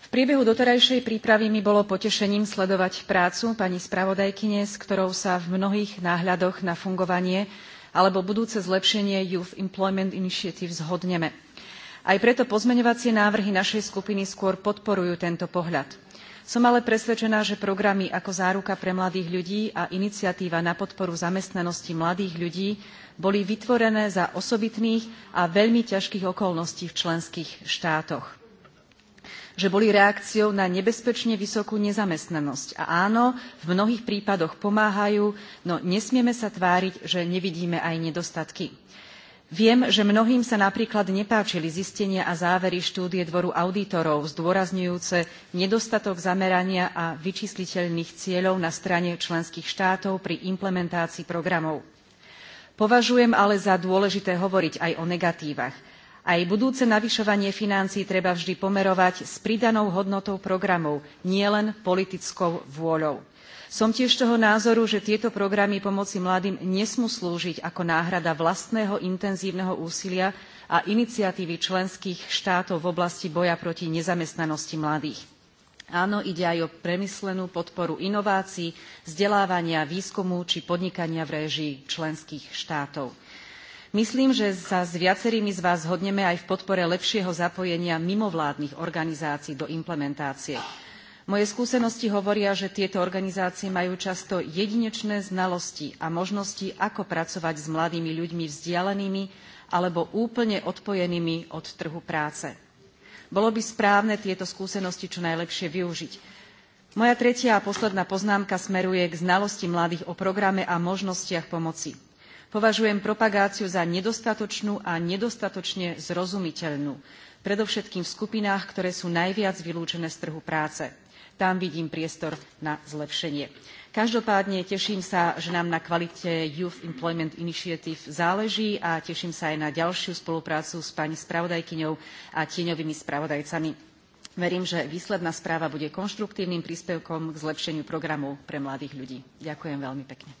V priebehu doterajšej prípravy mi bolo potešením sledovať prácu pani spravodajkyne, s ktorou sa v mnohých náhľadoch na fungovanie alebo budúce zlepšenie Youth Employment Initiative zhodneme. Aj preto pozmeňovacie návrhy našej skupiny skôr podporujú tento pohľad som ale presvedčená, že programy ako záruka pre mladých ľudí a iniciatíva na podporu zamestnanosti mladých ľudí boli vytvorené za osobitných a veľmi ťažkých okolností v členských štátoch že boli reakciou na nebezpečne vysokú nezamestnanosť. A áno, v mnohých prípadoch pomáhajú, no nesmieme sa tváriť, že nevidíme aj nedostatky. Viem, že mnohým sa napríklad nepáčili zistenia a závery štúdie dvoru auditorov, zdôrazňujúce nedostatok zamerania a vyčísliteľných cieľov na strane členských štátov pri implementácii programov. Považujem ale za dôležité hovoriť aj o negatívach. Aj budúce navyšovanie financií treba vždy pomerovať s pridanou hodnotou programov, nielen politickou vôľou som tiež toho názoru, že tieto programy pomoci mladým nesmú slúžiť ako náhrada vlastného intenzívneho úsilia a iniciatívy členských štátov v oblasti boja proti nezamestnanosti mladých. Áno, ide aj o premyslenú podporu inovácií, vzdelávania, výskumu či podnikania v réžii členských štátov. Myslím, že sa s viacerými z vás zhodneme aj v podpore lepšieho zapojenia mimovládnych organizácií do implementácie. Moje skúsenosti hovoria, že tieto organizácie majú často jedinečné znalosti a možnosti, ako pracovať s mladými ľuďmi vzdialenými alebo úplne odpojenými od trhu práce. Bolo by správne tieto skúsenosti čo najlepšie využiť. Moja tretia a posledná poznámka smeruje k znalosti mladých o programe a možnostiach pomoci. Považujem propagáciu za nedostatočnú a nedostatočne zrozumiteľnú, predovšetkým v skupinách, ktoré sú najviac vylúčené z trhu práce tam vidím priestor na zlepšenie. Každopádne teším sa, že nám na kvalite Youth Employment Initiative záleží a teším sa aj na ďalšiu spoluprácu s pani spravodajkyňou a tieňovými spravodajcami. Verím, že výsledná správa bude konštruktívnym príspevkom k zlepšeniu programu pre mladých ľudí. Ďakujem veľmi pekne.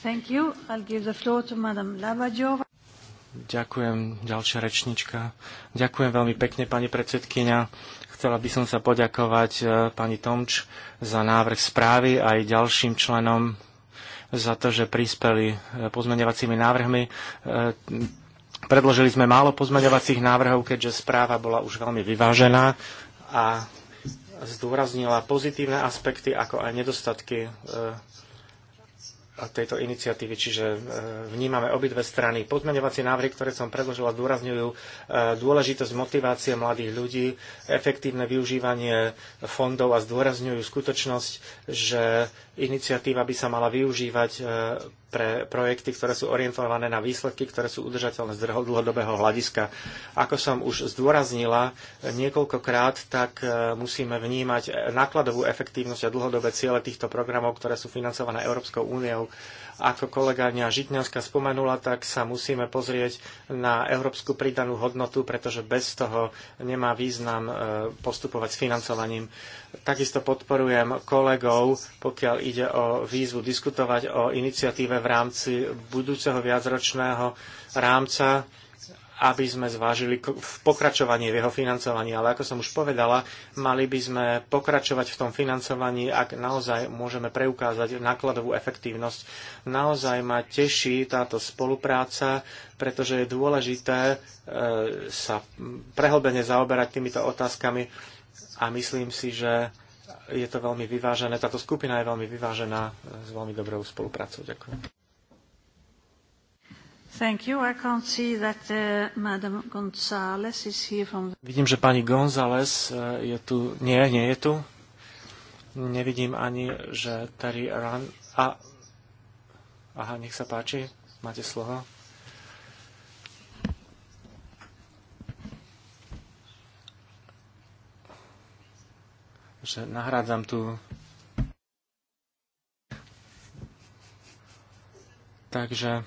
Thank you. I'll give the floor to Madam Ďakujem, ďalšia rečnička. Ďakujem veľmi pekne, pani predsedkynia. Chcela by som sa poďakovať e, pani Tomč za návrh správy aj ďalším členom za to, že prispeli e, pozmeňovacími návrhmi. E, predložili sme málo pozmeňovacích návrhov, keďže správa bola už veľmi vyvážená a zdôraznila pozitívne aspekty, ako aj nedostatky tejto iniciatívy, čiže e, vnímame obidve strany. Pozmeňovacie návrhy, ktoré som predložila, zdôrazňujú e, dôležitosť motivácie mladých ľudí, efektívne využívanie fondov a zdôrazňujú skutočnosť, že iniciatíva by sa mala využívať e, pre projekty, ktoré sú orientované na výsledky, ktoré sú udržateľné z dlhodobého hľadiska. Ako som už zdôraznila niekoľkokrát, tak e, musíme vnímať nákladovú efektívnosť a dlhodobé ciele týchto programov, ktoré sú financované Európskou úniou. Ako kolegáňa Žitňanská spomenula, tak sa musíme pozrieť na európsku pridanú hodnotu, pretože bez toho nemá význam e, postupovať s financovaním. Takisto podporujem kolegov, pokiaľ ide o výzvu diskutovať o iniciatíve v rámci budúceho viacročného rámca aby sme zvážili pokračovanie v jeho financovaní. Ale ako som už povedala, mali by sme pokračovať v tom financovaní, ak naozaj môžeme preukázať nákladovú efektívnosť. Naozaj ma teší táto spolupráca, pretože je dôležité e, sa prehlbene zaoberať týmito otázkami a myslím si, že je to veľmi vyvážené. Táto skupina je veľmi vyvážená e, s veľmi dobrou spoluprácou. Ďakujem. Thank you. I can't see that uh, Madam González is here from... Vidím, že pani González uh, je tu. Nie, nie je tu. Nevidím ani, že Terry Run... A... Aha, nech sa páči. Máte slovo. že nahrádzam tu. Takže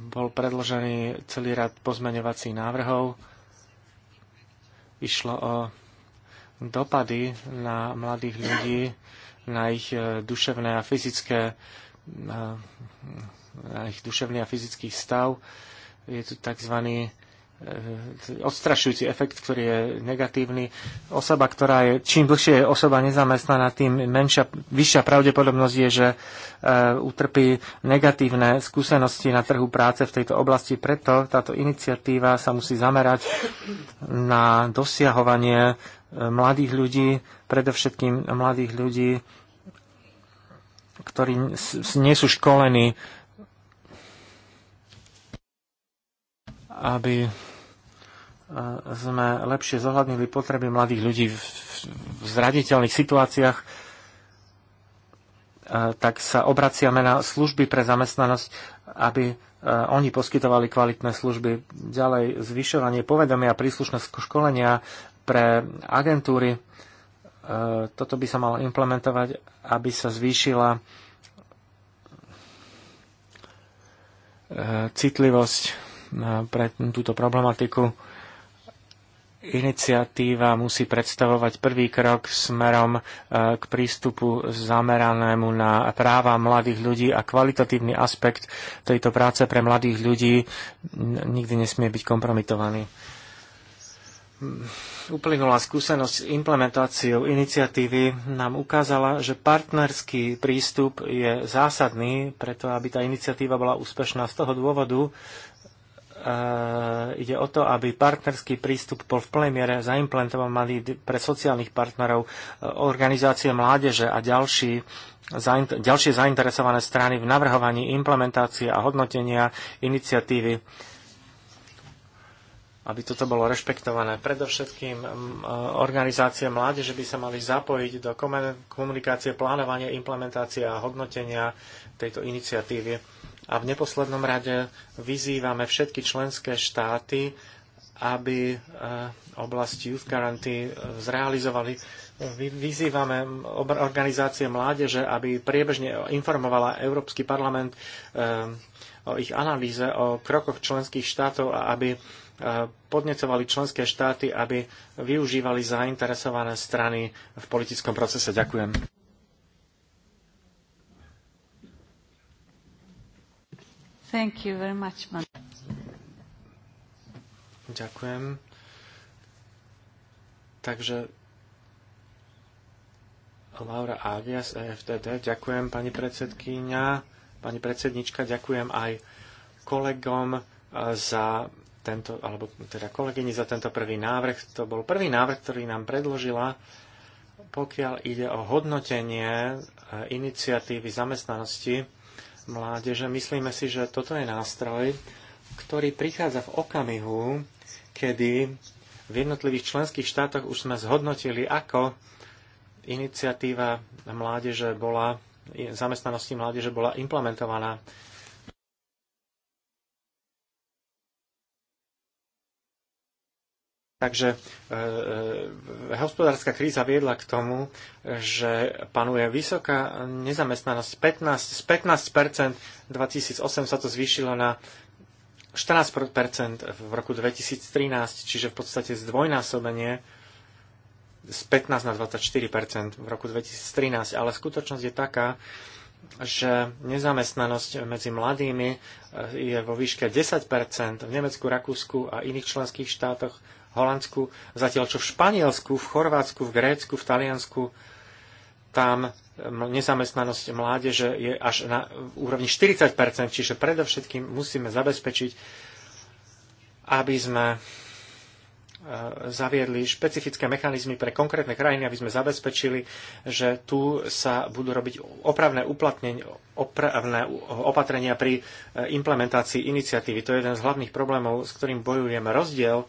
bol predložený celý rad pozmeňovacích návrhov. Išlo o dopady na mladých ľudí, na ich e, duševné a fyzické e, na ich duševný a fyzický stav. Je tu tzv. Eh, odstrašujúci efekt, ktorý je negatívny. Osoba, ktorá je, čím dlhšie je osoba nezamestnaná, tým menšia, vyššia pravdepodobnosť je, že e, utrpí negatívne skúsenosti na trhu práce v tejto oblasti. Preto táto iniciatíva sa musí zamerať na dosiahovanie eh, mladých ľudí, predovšetkým mladých ľudí, ktorí nie sú školení aby e, sme lepšie zohľadnili potreby mladých ľudí v zraditeľných situáciách, e, tak sa obraciame na služby pre zamestnanosť, aby e, oni poskytovali kvalitné služby. Ďalej zvyšovanie povedomia, príslušné školenia pre agentúry. Toto by sa malo implementovať, aby sa zvýšila citlivosť pre túto problematiku. Iniciatíva musí predstavovať prvý krok smerom e, k prístupu zameranému na práva mladých ľudí a kvalitatívny aspekt tejto práce pre mladých ľudí nikdy nesmie byť kompromitovaný uplynulá skúsenosť s implementáciou iniciatívy nám ukázala, že partnerský prístup je zásadný, preto aby tá iniciatíva bola úspešná. Z toho dôvodu ide o to, aby partnerský prístup bol v plnej miere zaimplementovaný pre sociálnych partnerov, e, organizácie mládeže a ďalší, ďalšie zainteresované strany v navrhovaní implementácie a hodnotenia iniciatívy aby toto bolo rešpektované. Predovšetkým e, organizácie mládeže by sa mali zapojiť do komunikácie, plánovania, implementácie a hodnotenia tejto iniciatívy a v neposlednom rade vyzývame všetky členské štáty, aby e, oblasti Youth Guarantee e, zrealizovali. Vyzývame organizácie mládeže, aby priebežne informovala Európsky parlament e, o ich analýze, o krokoch členských štátov a aby podnecovali členské štáty, aby využívali zainteresované strany v politickom procese. Ďakujem. Thank you very much, man. Ďakujem. Takže Laura Avia z EFTD. Ďakujem pani predsedkynia, pani predsednička, ďakujem aj kolegom e, za tento, alebo teda kolegyni za tento prvý návrh. To bol prvý návrh, ktorý nám predložila, pokiaľ ide o hodnotenie e, iniciatívy zamestnanosti mládeže. Myslíme si, že toto je nástroj, ktorý prichádza v okamihu, kedy v jednotlivých členských štátoch už sme zhodnotili, ako iniciatíva mládeže bola, zamestnanosti mládeže bola implementovaná. Takže e, e, hospodárska kríza viedla k tomu, že panuje vysoká nezamestnanosť. 15, z 15 2008 sa to zvýšilo na 14 v roku 2013, čiže v podstate zdvojnásobenie z 15 na 24 v roku 2013. Ale skutočnosť je taká, že nezamestnanosť medzi mladými e, je vo výške 10 v Nemecku, Rakúsku a iných členských štátoch Holandsku, zatiaľ čo v Španielsku, v Chorvátsku, v Grécku, v Taliansku, tam nezamestnanosť mládeže je až na úrovni 40 čiže predovšetkým musíme zabezpečiť, aby sme e, zaviedli špecifické mechanizmy pre konkrétne krajiny, aby sme zabezpečili, že tu sa budú robiť opravné, opravné opatrenia pri e, implementácii iniciatívy. To je jeden z hlavných problémov, s ktorým bojujeme. Rozdiel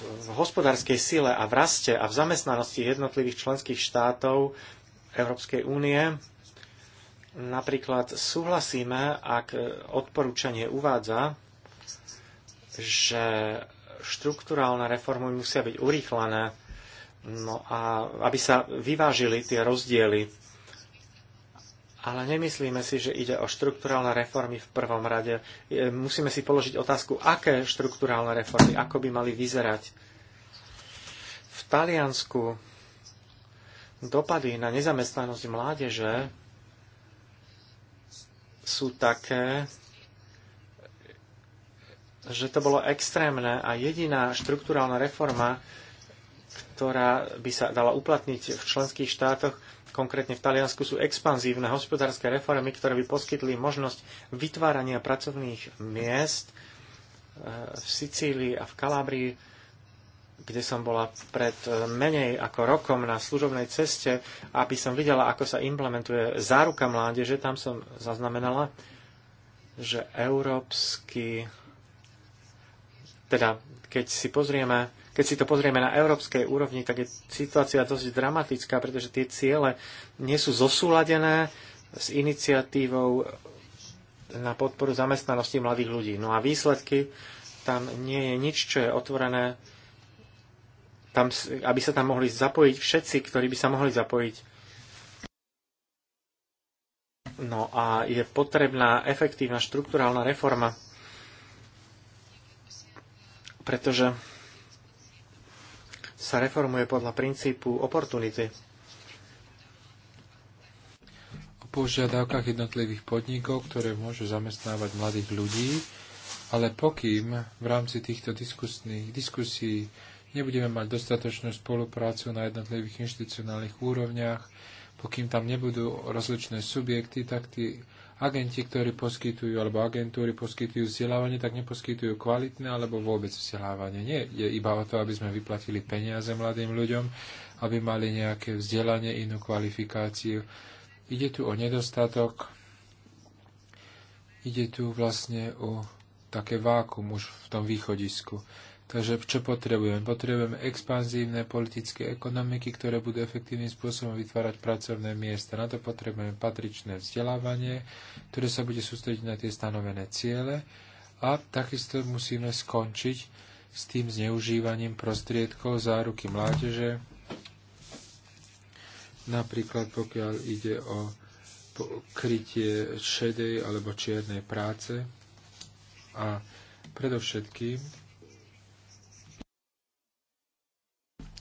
v hospodárskej sile a v raste a v zamestnanosti jednotlivých členských štátov Európskej únie. Napríklad súhlasíme, ak odporúčanie uvádza, že štruktúrálne reformy musia byť urýchlené, no a aby sa vyvážili tie rozdiely ale nemyslíme si, že ide o štrukturálne reformy v prvom rade. Musíme si položiť otázku, aké štrukturálne reformy, ako by mali vyzerať. V Taliansku dopady na nezamestnanosť mládeže sú také, že to bolo extrémne a jediná štrukturálna reforma, ktorá by sa dala uplatniť v členských štátoch, konkrétne v Taliansku, sú expanzívne hospodárske reformy, ktoré by poskytli možnosť vytvárania pracovných miest e, v Sicílii a v Kalábrii, kde som bola pred e, menej ako rokom na služobnej ceste, aby som videla, ako sa implementuje záruka mládeže. Tam som zaznamenala, že európsky, teda keď si pozrieme keď si to pozrieme na európskej úrovni, tak je situácia dosť dramatická, pretože tie ciele nie sú zosúladené s iniciatívou na podporu zamestnanosti mladých ľudí. No a výsledky, tam nie je nič, čo je otvorené, tam, aby sa tam mohli zapojiť všetci, ktorí by sa mohli zapojiť. No a je potrebná efektívna štruktúrálna reforma, pretože sa reformuje podľa princípu oportunity. O požiadavkách jednotlivých podnikov, ktoré môžu zamestnávať mladých ľudí, ale pokým v rámci týchto diskusných diskusí nebudeme mať dostatočnú spoluprácu na jednotlivých inštitucionálnych úrovniach, pokým tam nebudú rozličné subjekty, tak tí agenti, ktorí poskytujú, alebo agentúry poskytujú vzdelávanie, tak neposkytujú kvalitné alebo vôbec vzdelávanie. Nie je iba o to, aby sme vyplatili peniaze mladým ľuďom, aby mali nejaké vzdelanie, inú kvalifikáciu. Ide tu o nedostatok, ide tu vlastne o také vákum už v tom východisku. Takže čo potrebujeme? Potrebujeme expanzívne politické ekonomiky, ktoré budú efektívnym spôsobom vytvárať pracovné miesta. Na to potrebujeme patričné vzdelávanie, ktoré sa bude sústrediť na tie stanovené ciele. A takisto musíme skončiť s tým zneužívaním prostriedkov záruky mládeže, napríklad pokiaľ ide o krytie šedej alebo čiernej práce. A predovšetkým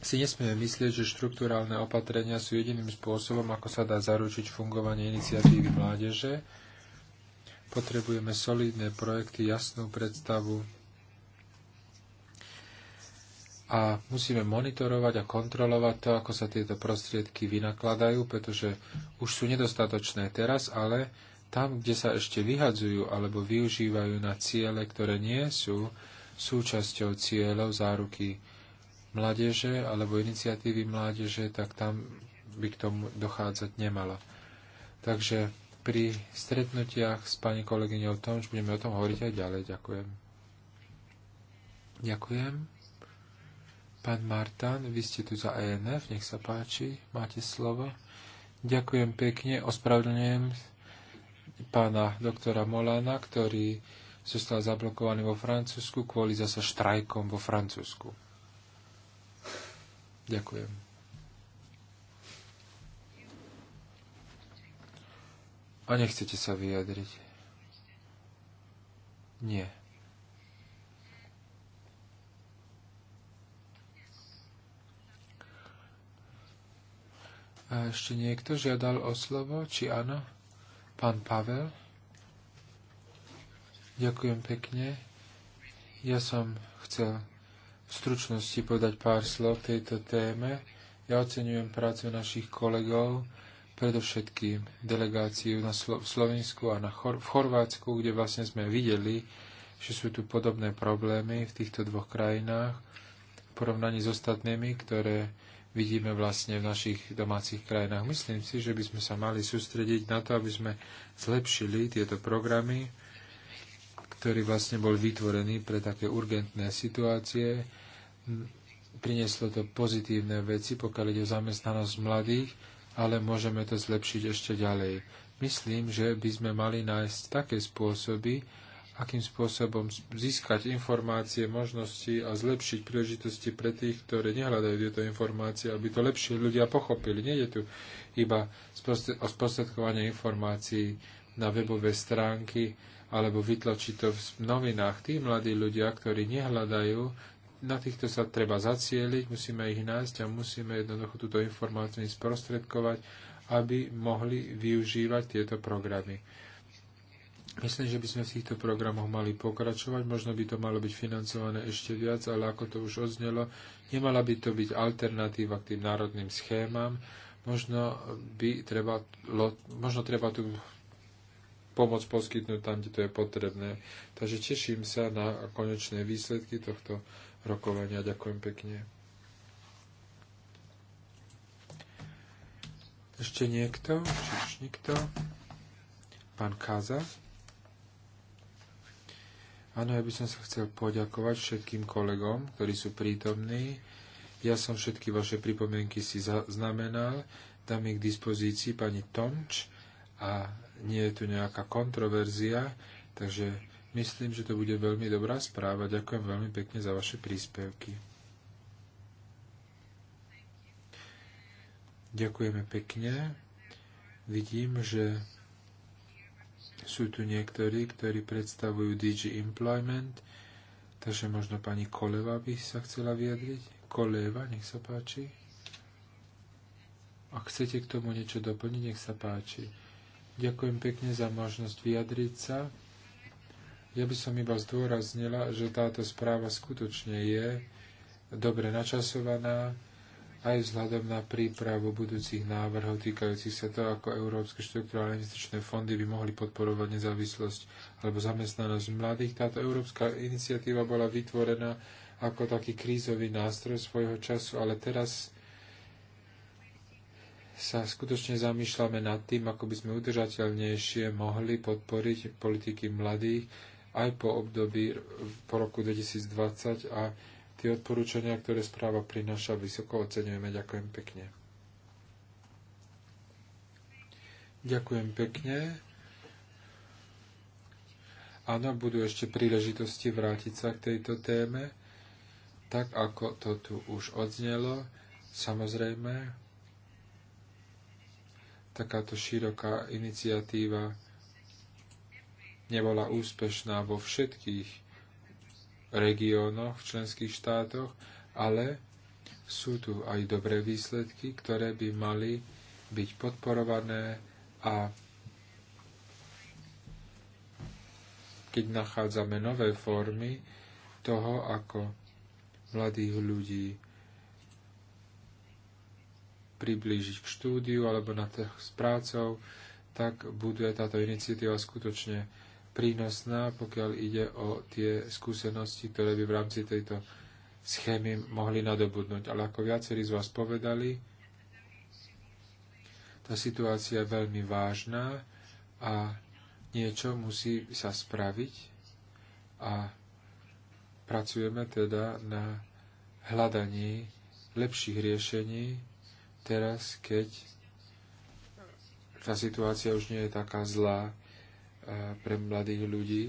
si nesmieme myslieť, že štruktúrálne opatrenia sú jediným spôsobom, ako sa dá zaručiť fungovanie iniciatívy mládeže. Potrebujeme solidné projekty, jasnú predstavu a musíme monitorovať a kontrolovať to, ako sa tieto prostriedky vynakladajú, pretože už sú nedostatočné teraz, ale tam, kde sa ešte vyhadzujú alebo využívajú na ciele, ktoré nie sú súčasťou cieľov záruky mládeže alebo iniciatívy mládeže, tak tam by k tomu dochádzať nemala. Takže pri stretnutiach s pani kolegyňou Tomč budeme o tom hovoriť aj ďalej. Ďakujem. Ďakujem. Pán Martan, vy ste tu za ENF, nech sa páči, máte slovo. Ďakujem pekne, ospravedlňujem pána doktora Molana, ktorý zostal zablokovaný vo Francúzsku kvôli zase štrajkom vo Francúzsku. Ďakujem. A nechcete sa vyjadriť? Nie. A ešte niekto žiadal o slovo? Či áno? Pán Pavel? Ďakujem pekne. Ja som chcel stručnosti podať pár slov tejto téme. Ja oceňujem prácu našich kolegov, predovšetkým delegáciu na Slo- v Slovensku a na Chor- v Chorvátsku, kde vlastne sme videli, že sú tu podobné problémy v týchto dvoch krajinách v porovnaní s ostatnými, ktoré vidíme vlastne v našich domácich krajinách. Myslím si, že by sme sa mali sústrediť na to, aby sme zlepšili tieto programy, ktorý vlastne bol vytvorený pre také urgentné situácie, prinieslo to pozitívne veci, pokiaľ ide o zamestnanosť mladých, ale môžeme to zlepšiť ešte ďalej. Myslím, že by sme mali nájsť také spôsoby, akým spôsobom získať informácie, možnosti a zlepšiť príležitosti pre tých, ktorí nehľadajú tieto informácie, aby to lepšie ľudia pochopili. Nie je tu iba o sprostredkovanie informácií na webové stránky alebo vytlačiť to v novinách. Tí mladí ľudia, ktorí nehľadajú na týchto sa treba zacieliť, musíme ich nájsť a musíme jednoducho túto informáciu sprostredkovať, aby mohli využívať tieto programy. Myslím, že by sme v týchto programoch mali pokračovať, možno by to malo byť financované ešte viac, ale ako to už odznelo, nemala by to byť alternatíva k tým národným schémám, možno by treba, možno treba tu pomoc poskytnúť tam, kde to je potrebné. Takže teším sa na konečné výsledky tohto rokovania. Ďakujem pekne. Ešte niekto? Či už nikto? Pán Kaza? Áno, ja by som sa chcel poďakovať všetkým kolegom, ktorí sú prítomní. Ja som všetky vaše pripomienky si zaznamenal, dám ich k dispozícii pani Tomč a nie je tu nejaká kontroverzia, takže Myslím, že to bude veľmi dobrá správa. Ďakujem veľmi pekne za vaše príspevky. Ďakujeme pekne. Vidím, že sú tu niektorí, ktorí predstavujú DG Employment, takže možno pani Koleva by sa chcela vyjadriť. Koleva, nech sa páči. Ak chcete k tomu niečo doplniť, nech sa páči. Ďakujem pekne za možnosť vyjadriť sa. Ja by som iba zdôraznila, že táto správa skutočne je dobre načasovaná, aj vzhľadom na prípravu budúcich návrhov týkajúcich sa toho, ako Európske štruktúrálne investičné fondy by mohli podporovať nezávislosť alebo zamestnanosť mladých. Táto európska iniciatíva bola vytvorená ako taký krízový nástroj svojho času, ale teraz sa skutočne zamýšľame nad tým, ako by sme udržateľnejšie mohli podporiť politiky mladých aj po období po roku 2020 a tie odporúčania, ktoré správa prináša, vysoko oceňujeme. Ďakujem pekne. Ďakujem pekne. Áno, budú ešte príležitosti vrátiť sa k tejto téme, tak ako to tu už odznelo. Samozrejme, takáto široká iniciatíva nebola úspešná vo všetkých regiónoch v členských štátoch, ale sú tu aj dobré výsledky, ktoré by mali byť podporované a keď nachádzame nové formy toho, ako mladých ľudí priblížiť k štúdiu alebo na trh s prácou, tak bude táto iniciatíva skutočne prínosná, pokiaľ ide o tie skúsenosti, ktoré by v rámci tejto schémy mohli nadobudnúť. Ale ako viacerí z vás povedali, tá situácia je veľmi vážna a niečo musí sa spraviť a pracujeme teda na hľadaní lepších riešení teraz, keď tá situácia už nie je taká zlá, pre mladých ľudí,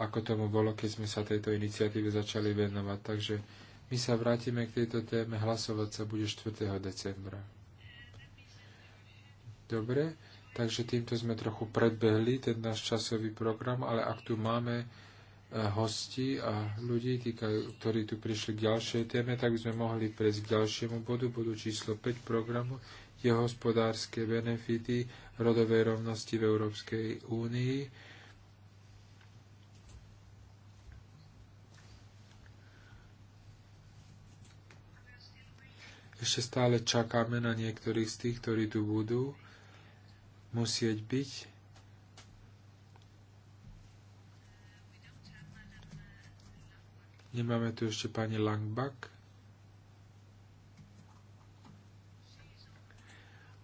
ako tomu bolo, keď sme sa tejto iniciatíve začali venovať. Takže my sa vrátime k tejto téme, hlasovať sa bude 4. decembra. Dobre, takže týmto sme trochu predbehli ten náš časový program, ale ak tu máme e, hosti a ľudí, ktorí tu prišli k ďalšej téme, tak by sme mohli prejsť k ďalšiemu bodu, bodu číslo 5 programu, je hospodárske benefity rodovej rovnosti v Európskej únii. Ešte stále čakáme na niektorých z tých, ktorí tu budú musieť byť. Nemáme tu ešte pani Langbach.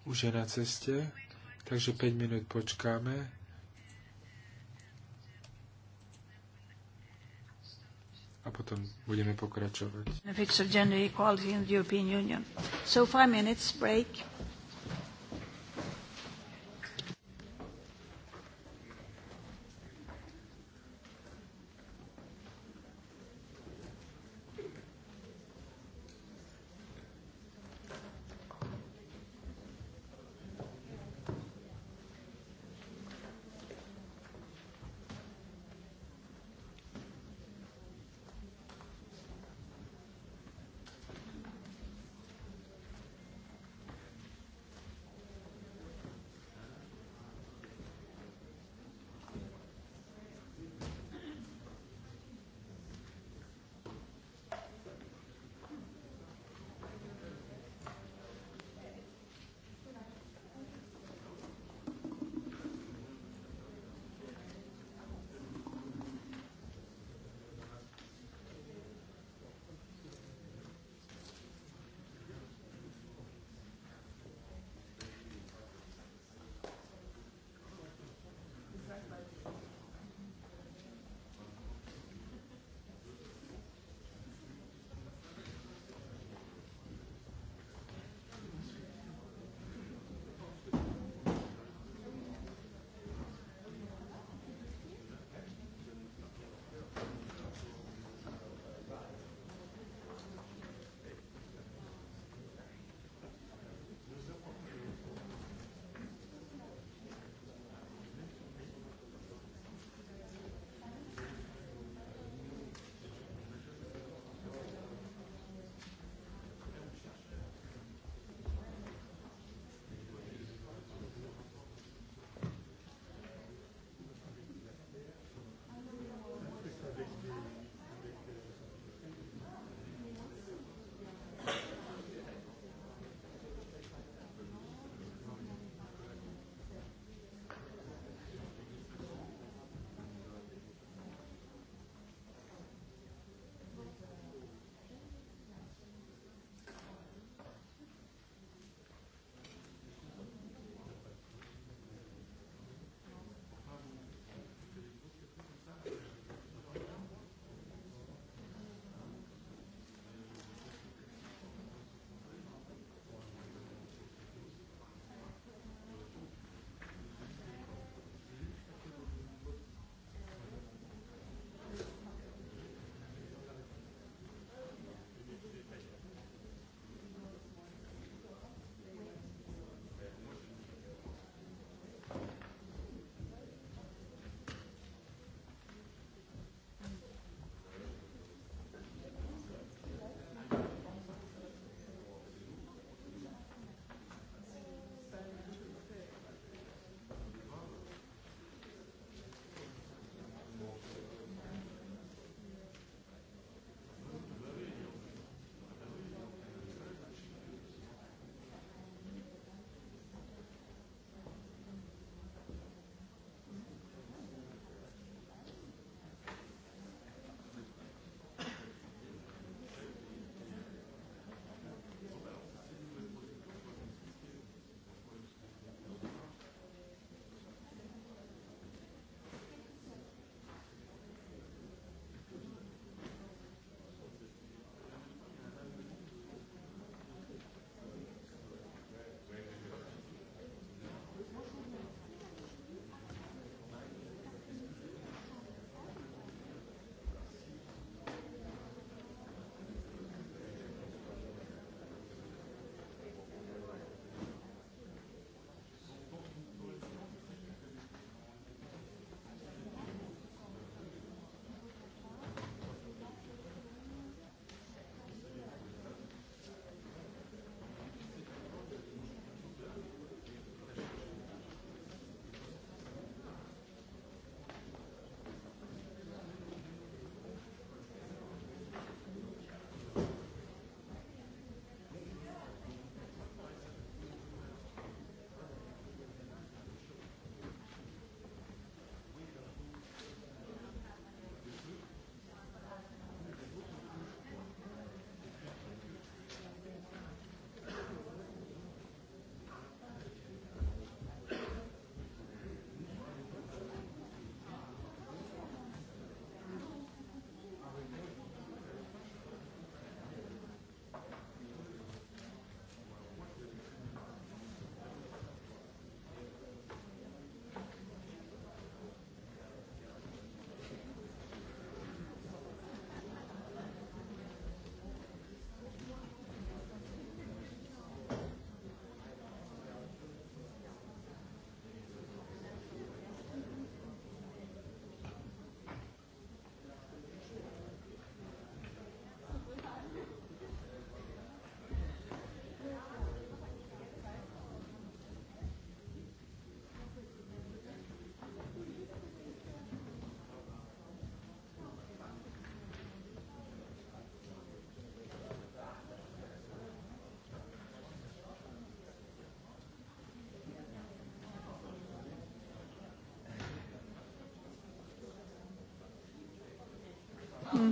už je na ceste, takže 5 minút počkáme. a potom budeme pokračovať. Fixed gender equality in the European Union. So five minutes break.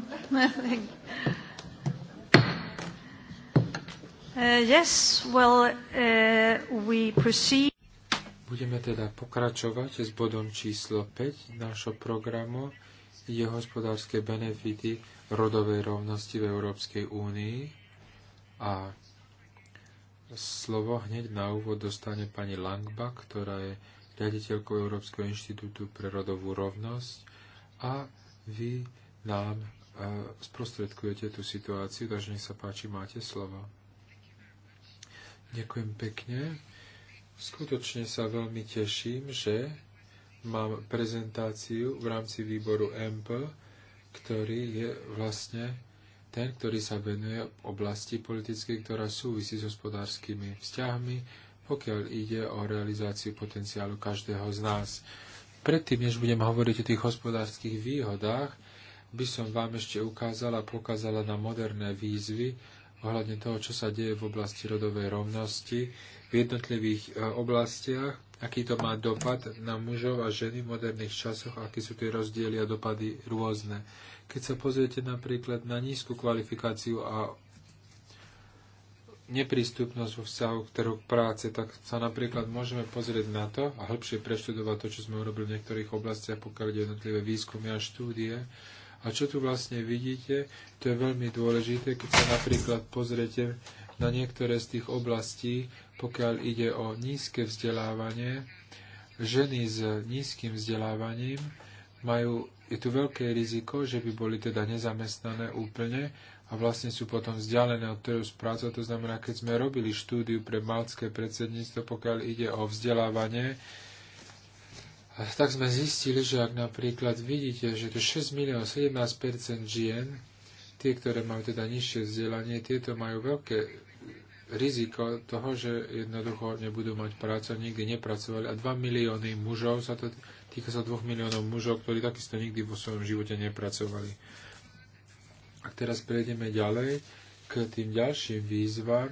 Uh, uh, Budeme teda pokračovať s bodom číslo 5 nášho programu je hospodárske benefity rodovej rovnosti v Európskej únii. A slovo hneď na úvod dostane pani Langba, ktorá je riaditeľkou Európskeho inštitútu pre rodovú rovnosť a vy nám sprostredkujete tú situáciu, takže nech sa páči, máte slovo. Ďakujem pekne. Skutočne sa veľmi teším, že mám prezentáciu v rámci výboru MP, ktorý je vlastne ten, ktorý sa venuje oblasti politickej, ktorá súvisí s hospodárskymi vzťahmi, pokiaľ ide o realizáciu potenciálu každého z nás. Predtým, než budem hovoriť o tých hospodárskych výhodách, by som vám ešte ukázala a pokázala na moderné výzvy ohľadne toho, čo sa deje v oblasti rodovej rovnosti v jednotlivých e, oblastiach, aký to má dopad na mužov a ženy v moderných časoch, aké sú tie rozdiely a dopady rôzne. Keď sa pozriete napríklad na nízku kvalifikáciu a neprístupnosť vo vzťahu k trhu práce, tak sa napríklad môžeme pozrieť na to a hĺbšie preštudovať to, čo sme urobili v niektorých oblastiach, pokiaľ ide jednotlivé výskumy a štúdie, a čo tu vlastne vidíte, to je veľmi dôležité, keď sa napríklad pozriete na niektoré z tých oblastí, pokiaľ ide o nízke vzdelávanie, ženy s nízkym vzdelávaním majú, je tu veľké riziko, že by boli teda nezamestnané úplne, a vlastne sú potom vzdialené od trhu s To znamená, keď sme robili štúdiu pre malské predsedníctvo, pokiaľ ide o vzdelávanie tak sme zistili, že ak napríklad vidíte, že to 6 miliónov 17 žien, tie, ktoré majú teda nižšie vzdelanie, tieto majú veľké riziko toho, že jednoducho nebudú mať prácu, nikdy nepracovali. A 2 milióny mužov, sa to týka sa 2 miliónov mužov, ktorí takisto nikdy vo svojom živote nepracovali. A teraz prejdeme ďalej k tým ďalším výzvam,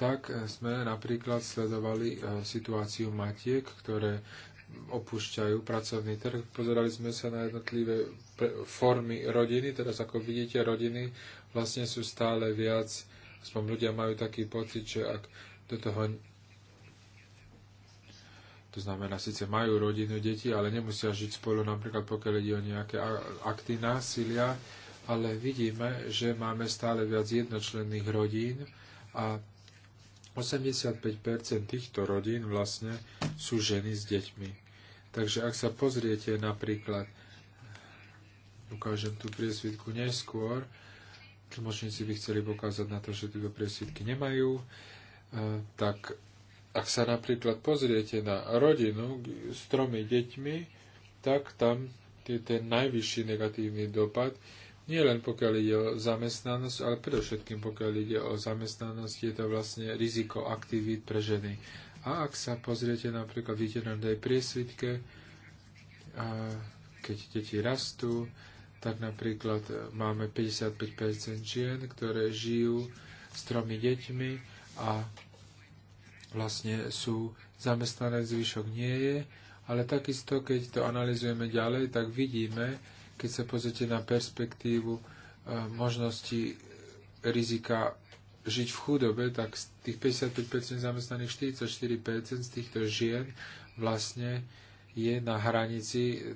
tak sme napríklad sledovali e, situáciu matiek, ktoré opúšťajú pracovný trh. Pozerali sme sa na jednotlivé formy rodiny, teraz ako vidíte, rodiny vlastne sú stále viac, aspoň ľudia majú taký pocit, že ak do toho to znamená, síce majú rodinu, deti, ale nemusia žiť spolu, napríklad pokiaľ ide o nejaké akty násilia, ale vidíme, že máme stále viac jednočlenných rodín a 85% týchto rodín vlastne sú ženy s deťmi. Takže ak sa pozriete napríklad, ukážem tú priesvitku neskôr, tlmočníci by chceli pokázať na to, že tieto priesvitky nemajú, e, tak ak sa napríklad pozriete na rodinu s tromi deťmi, tak tam je ten najvyšší negatívny dopad nie len pokiaľ ide o zamestnanosť, ale predovšetkým pokiaľ ide o zamestnanosť, je to vlastne riziko aktivít pre ženy. A ak sa pozriete napríklad, vidíte na tej priesvitke, a keď deti rastú, tak napríklad máme 55% žien, ktoré žijú s tromi deťmi a vlastne sú zamestnané, zvyšok nie je, ale takisto, keď to analizujeme ďalej, tak vidíme, keď sa pozrite na perspektívu e, možnosti rizika žiť v chudobe, tak z tých 55% zamestnaných 44% z týchto žien vlastne je na hranici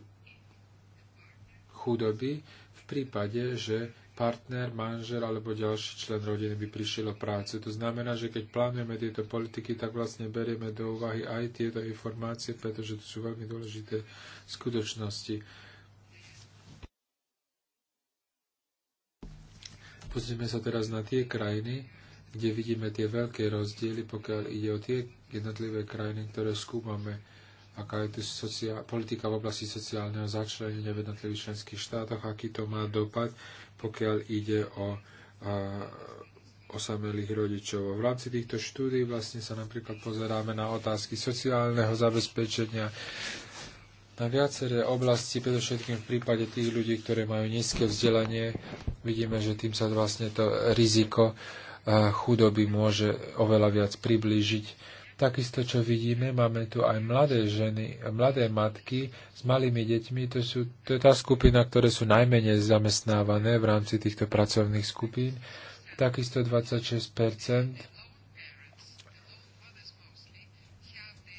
chudoby v prípade, že partner, manžel alebo ďalší člen rodiny by prišiel o prácu. To znamená, že keď plánujeme tieto politiky, tak vlastne berieme do úvahy aj tieto informácie, pretože to sú veľmi dôležité skutočnosti. Pozrime sa teraz na tie krajiny, kde vidíme tie veľké rozdiely, pokiaľ ide o tie jednotlivé krajiny, ktoré skúmame, aká je tu sociál, politika v oblasti sociálneho začlenenia v jednotlivých členských štátoch, aký to má dopad, pokiaľ ide o a, osamelých rodičov. V rámci týchto štúdí vlastne sa napríklad pozeráme na otázky sociálneho zabezpečenia, na viaceré oblasti, predovšetkým v prípade tých ľudí, ktoré majú nízke vzdelanie, vidíme, že tým sa vlastne to riziko e, chudoby môže oveľa viac priblížiť. Takisto, čo vidíme, máme tu aj mladé ženy, mladé matky s malými deťmi. To, sú, to je tá skupina, ktoré sú najmenej zamestnávané v rámci týchto pracovných skupín. Takisto 26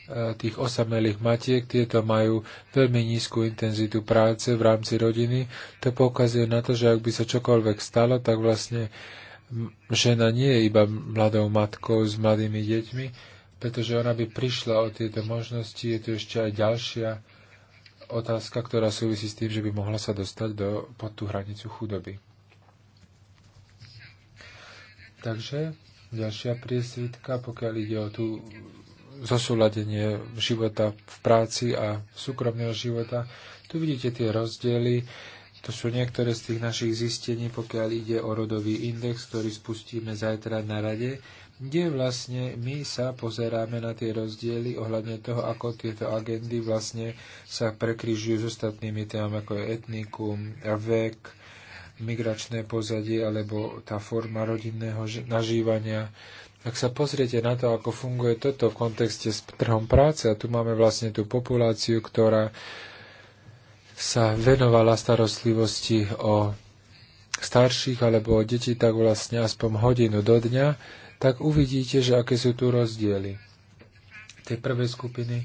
Eh, tých osamelých matiek, tieto majú veľmi nízku intenzitu práce v rámci rodiny. To poukazuje na to, že ak by sa čokoľvek stalo, tak vlastne žena nie je iba mladou matkou s mladými deťmi, pretože ona by prišla o tieto možnosti. Je tu ešte aj ďalšia otázka, ktorá súvisí s tým, že by mohla sa dostať do, pod tú hranicu chudoby. Takže ďalšia priesvitka, pokiaľ ide o tú zosúladenie života v práci a súkromného života. Tu vidíte tie rozdiely. To sú niektoré z tých našich zistení, pokiaľ ide o rodový index, ktorý spustíme zajtra na rade, kde vlastne my sa pozeráme na tie rozdiely ohľadne toho, ako tieto agendy vlastne sa prekryžujú s ostatnými témami, ako je etnikum, vek, migračné pozadie alebo tá forma rodinného nažívania. Ak sa pozriete na to, ako funguje toto v kontexte s trhom práce, a tu máme vlastne tú populáciu, ktorá sa venovala starostlivosti o starších alebo o deti, tak vlastne aspoň hodinu do dňa, tak uvidíte, že aké sú tu rozdiely. Tej prvej skupiny,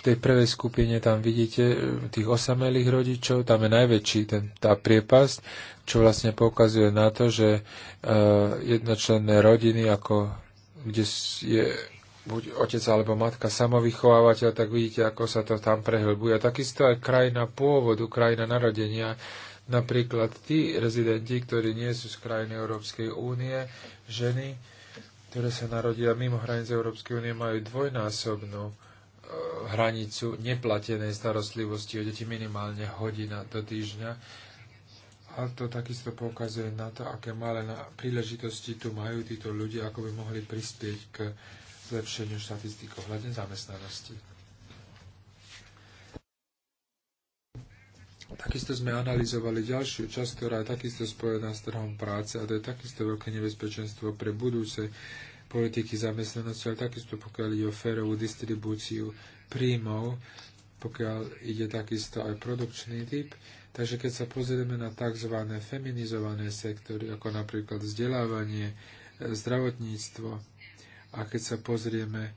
v tej prvej skupine tam vidíte e, tých osamelých rodičov, tam je najväčší ten, tá priepasť, čo vlastne poukazuje na to, že uh, jednočlenné rodiny ako kde je buď otec alebo matka samovychovávateľ, tak vidíte, ako sa to tam prehlbuje. Takisto aj krajina pôvodu, krajina narodenia, napríklad tí rezidenti, ktorí nie sú z krajiny Európskej únie, ženy, ktoré sa narodia mimo hranice Európskej únie, majú dvojnásobnú e, hranicu neplatenej starostlivosti o deti minimálne hodina do týždňa a to takisto poukazuje na to, aké malé príležitosti tu majú títo ľudia, ako by mohli prispieť k zlepšeniu štatistík ohľadne zamestnanosti. Takisto sme analyzovali ďalšiu časť, ktorá je takisto spojená s trhom práce a to je takisto veľké nebezpečenstvo pre budúce politiky zamestnanosti, ale takisto pokiaľ ide o férovú distribúciu príjmov, pokiaľ ide takisto aj produkčný typ Takže keď sa pozrieme na tzv. feminizované sektory, ako napríklad vzdelávanie, e, zdravotníctvo, a keď sa pozrieme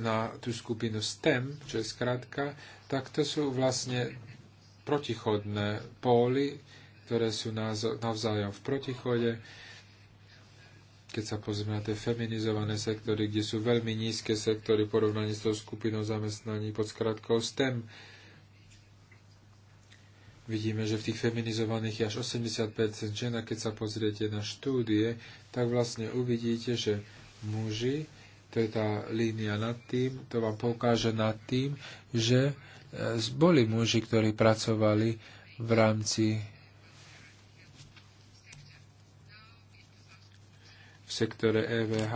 na tú skupinu STEM, čo je skratka, tak to sú vlastne protichodné póly, ktoré sú navzájom v protichode. Keď sa pozrieme na tie feminizované sektory, kde sú veľmi nízke sektory porovnaní s tou skupinou zamestnaní pod skratkou STEM, vidíme, že v tých feminizovaných je až 85% žena, keď sa pozriete na štúdie, tak vlastne uvidíte, že muži, to je tá línia nad tým, to vám poukáže nad tým, že e, boli muži, ktorí pracovali v rámci v sektore EVH,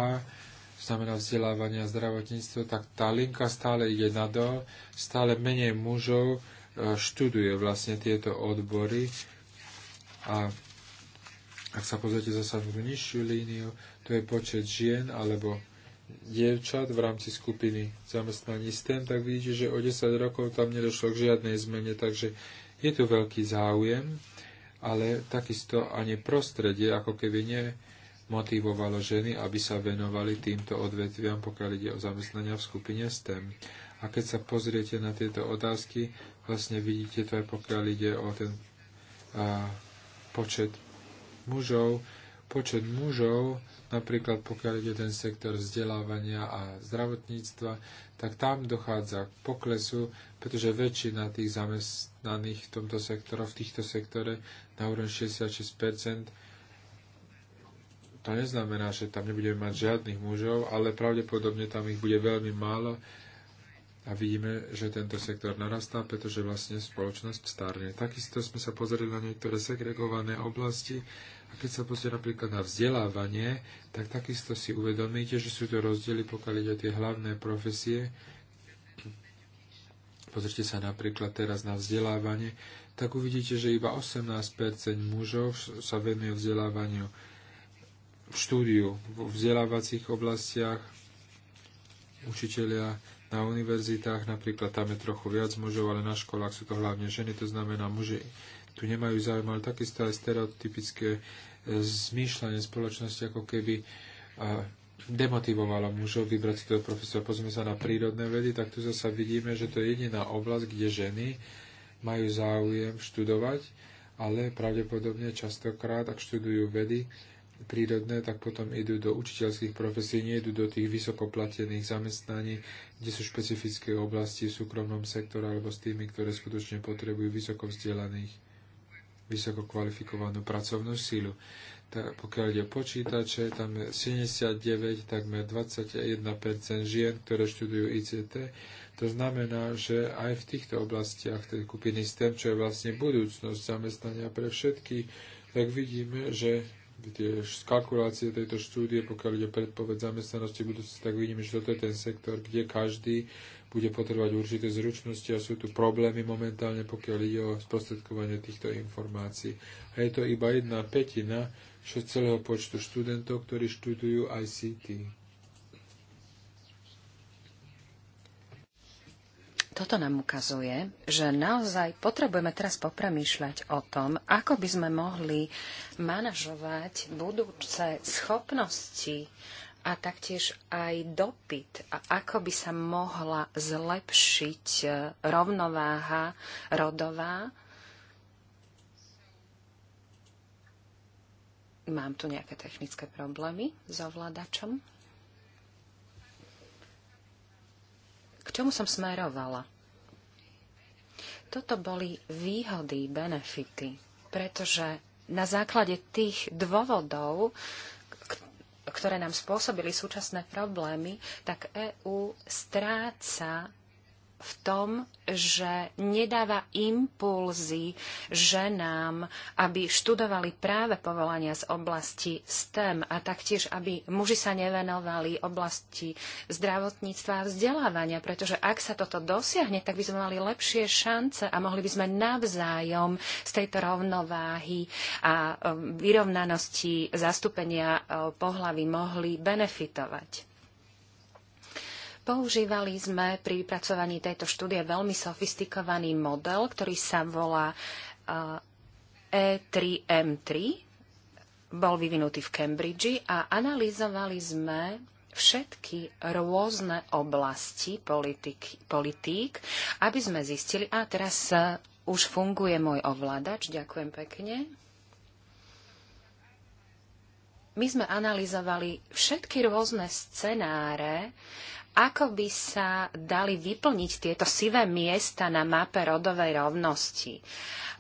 znamená vzdelávania a zdravotníctvo, tak tá linka stále ide nadol, stále menej mužov študuje vlastne tieto odbory a ak sa pozrite zase v nižšiu líniu, to je počet žien alebo dievčat v rámci skupiny zamestnaní STEM, tak vidíte, že o 10 rokov tam nedošlo k žiadnej zmene, takže je tu veľký záujem, ale takisto ani prostredie ako keby nemotivovalo ženy, aby sa venovali týmto odvetviam, pokiaľ ide o zamestnania v skupine STEM. A keď sa pozriete na tieto otázky, vlastne vidíte to aj pokiaľ ide o ten a, počet mužov. Počet mužov, napríklad pokiaľ ide ten sektor vzdelávania a zdravotníctva, tak tam dochádza k poklesu, pretože väčšina tých zamestnaných v tomto sektore, v týchto sektore na úroveň 66 to neznamená, že tam nebudeme mať žiadnych mužov, ale pravdepodobne tam ich bude veľmi málo, a vidíme, že tento sektor narastá, pretože vlastne spoločnosť stárne. Takisto sme sa pozreli na niektoré segregované oblasti a keď sa pozrie napríklad na vzdelávanie, tak takisto si uvedomíte, že sú to rozdiely, pokiaľ ide o tie hlavné profesie. Pozrite sa napríklad teraz na vzdelávanie, tak uvidíte, že iba 18% mužov sa venuje vzdelávaniu v štúdiu, v vzdelávacích oblastiach, učiteľia na univerzitách, napríklad tam je trochu viac mužov, ale na školách sú to hlavne ženy, to znamená muži tu nemajú záujem, ale takisto aj stereotypické e, zmýšľanie spoločnosti ako keby e, demotivovalo mužov vybrať si toho profesora. Pozrieme sa na prírodné vedy, tak tu zase vidíme, že to je jediná oblasť, kde ženy majú záujem študovať, ale pravdepodobne častokrát, ak študujú vedy, prírodné, tak potom idú do učiteľských profesí, nie idú do tých vysokoplatených zamestnaní, kde sú špecifické oblasti v súkromnom sektore alebo s tými, ktoré skutočne potrebujú vysoko vzdelaných, vysoko kvalifikovanú pracovnú sílu. Tak pokiaľ ide počítače, tam je 79, takmer 21% žien, ktoré študujú ICT. To znamená, že aj v týchto oblastiach tej skupiny STEM, čo je vlastne budúcnosť zamestnania pre všetkých, tak vidíme, že z kalkulácie tejto štúdie, pokiaľ ide predpoveď zamestnanosti budúcnosti, tak vidíme, že toto je ten sektor, kde každý bude potrebovať určité zručnosti a sú tu problémy momentálne, pokiaľ ide o sprostredkovanie týchto informácií. A je to iba jedna petina z celého počtu študentov, ktorí študujú ICT. Toto nám ukazuje, že naozaj potrebujeme teraz popremýšľať o tom, ako by sme mohli manažovať budúce schopnosti a taktiež aj dopyt a ako by sa mohla zlepšiť e, rovnováha rodová. Mám tu nejaké technické problémy s ovládačom. K čomu som smerovala? Toto boli výhody, benefity, pretože na základe tých dôvodov, ktoré nám spôsobili súčasné problémy, tak EÚ stráca v tom, že nedáva impulzy ženám, aby študovali práve povolania z oblasti STEM a taktiež, aby muži sa nevenovali oblasti zdravotníctva a vzdelávania, pretože ak sa toto dosiahne, tak by sme mali lepšie šance a mohli by sme navzájom z tejto rovnováhy a e, vyrovnanosti zastúpenia e, pohlavy mohli benefitovať. Používali sme pri vypracovaní tejto štúdie veľmi sofistikovaný model, ktorý sa volá E3M3. Eh, e Bol vyvinutý v Cambridge a analyzovali sme všetky rôzne oblasti politik, politík, aby sme zistili, a teraz eh, už funguje môj ovládač, ďakujem pekne. My sme analyzovali všetky rôzne scenáre ako by sa dali vyplniť tieto sivé miesta na mape rodovej rovnosti?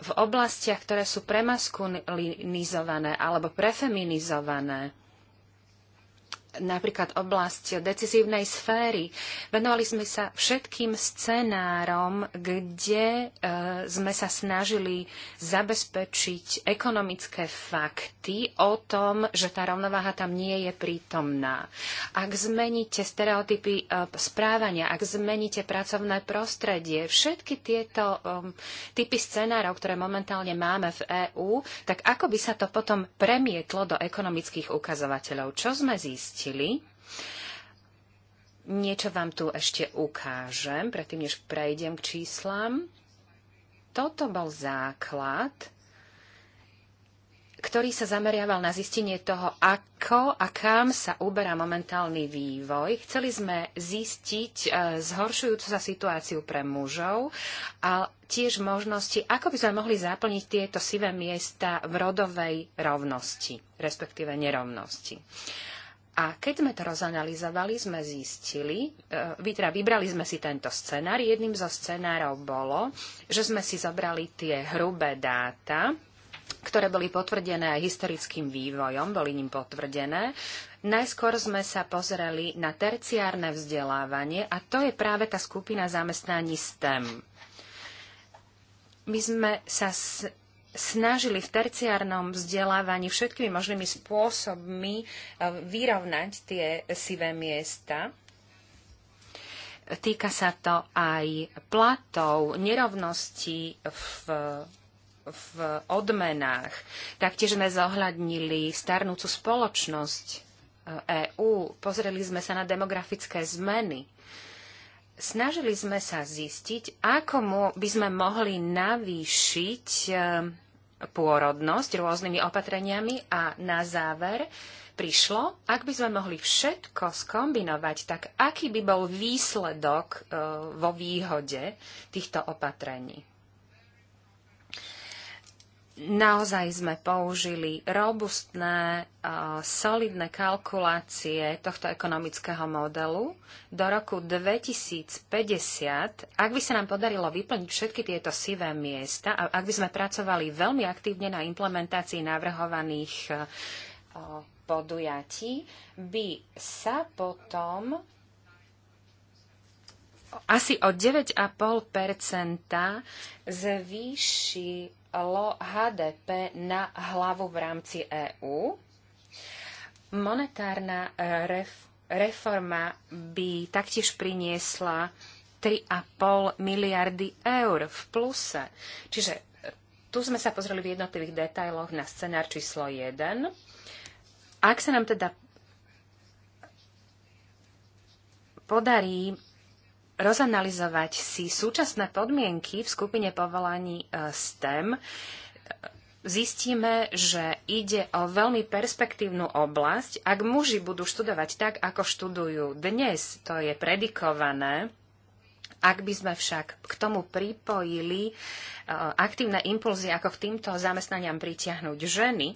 V oblastiach, ktoré sú premaskulinizované alebo prefeminizované, napríklad oblasť decisívnej sféry. Venovali sme sa všetkým scenárom, kde e, sme sa snažili zabezpečiť ekonomické fakty o tom, že tá rovnováha tam nie je prítomná. Ak zmeníte stereotypy e, správania, ak zmeníte pracovné prostredie, všetky tieto e, typy scenárov, ktoré momentálne máme v EÚ, tak ako by sa to potom premietlo do ekonomických ukazovateľov? Čo sme zistili? zistili. Niečo vám tu ešte ukážem, predtým než prejdem k číslam. Toto bol základ, ktorý sa zameriaval na zistenie toho, ako a kam sa uberá momentálny vývoj. Chceli sme zistiť e, zhoršujúcu sa situáciu pre mužov a tiež možnosti, ako by sme mohli zaplniť tieto sivé miesta v rodovej rovnosti, respektíve nerovnosti. A keď sme to rozanalizovali, sme zistili, e, vytra, teda vybrali sme si tento scenár. Jedným zo scenárov bolo, že sme si zobrali tie hrubé dáta, ktoré boli potvrdené aj historickým vývojom, boli ním potvrdené. Najskôr sme sa pozreli na terciárne vzdelávanie a to je práve tá skupina zamestnaní STEM. My sme sa snažili v terciárnom vzdelávaní všetkými možnými spôsobmi e, vyrovnať tie sivé miesta. Týka sa to aj platov, nerovnosti v v odmenách. Taktiež sme zohľadnili starnúcu spoločnosť EÚ, e pozreli sme sa na demografické zmeny. Snažili sme sa zistiť, ako by sme mohli navýšiť e, pôrodnosť rôznymi opatreniami a na záver prišlo, ak by sme mohli všetko skombinovať, tak aký by bol výsledok e, vo výhode týchto opatrení naozaj sme použili robustné, solidné kalkulácie tohto ekonomického modelu. Do roku 2050, ak by sa nám podarilo vyplniť všetky tieto sivé miesta a ak by sme pracovali veľmi aktívne na implementácii navrhovaných e, podujatí, by sa potom asi o 9,5 zvýšil HDP na hlavu v rámci EÚ. Monetárna e, ref, reforma by taktiež priniesla 3,5 miliardy eur v pluse. Čiže e, tu sme sa pozreli v jednotlivých detailoch na scenár číslo 1. Ak sa nám teda podarí rozanalizovať si súčasné podmienky v skupine povolaní e, STEM, e, zistíme, že ide o veľmi perspektívnu oblasť. Ak muži budú študovať tak, ako študujú dnes, to je predikované, ak by sme však k tomu pripojili e, aktívne impulzy, ako k týmto zamestnaniam pritiahnuť ženy,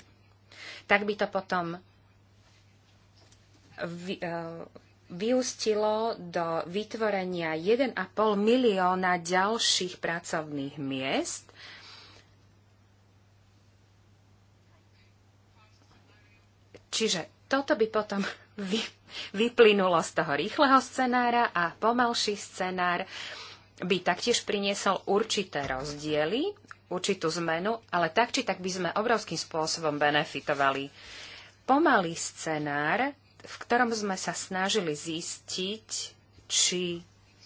tak by to potom vyústilo do vytvorenia 1,5 milióna ďalších pracovných miest. Čiže toto by potom vyplynulo z toho rýchleho scenára a pomalší scenár by taktiež priniesol určité rozdiely, určitú zmenu, ale tak či tak by sme obrovským spôsobom benefitovali. Pomalý scenár v ktorom sme sa snažili zistiť, či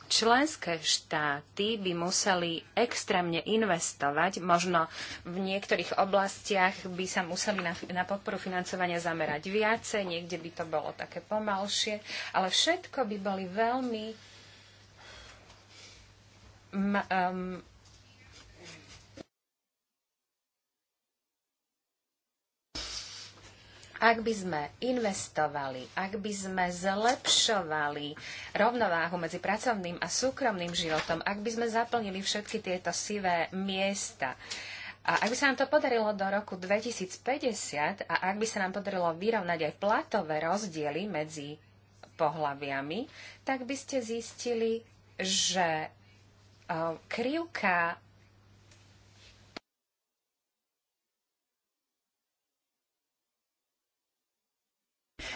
členské štáty by museli extrémne investovať. Možno v niektorých oblastiach by sa museli na, na podporu financovania zamerať viacej, niekde by to bolo také pomalšie, ale všetko by boli veľmi um, Ak by sme investovali, ak by sme zlepšovali rovnováhu medzi pracovným a súkromným životom, ak by sme zaplnili všetky tieto sivé miesta, a ak by sa nám to podarilo do roku 2050 a ak by sa nám podarilo vyrovnať aj platové rozdiely medzi pohlaviami, tak by ste zistili, že eh, krivka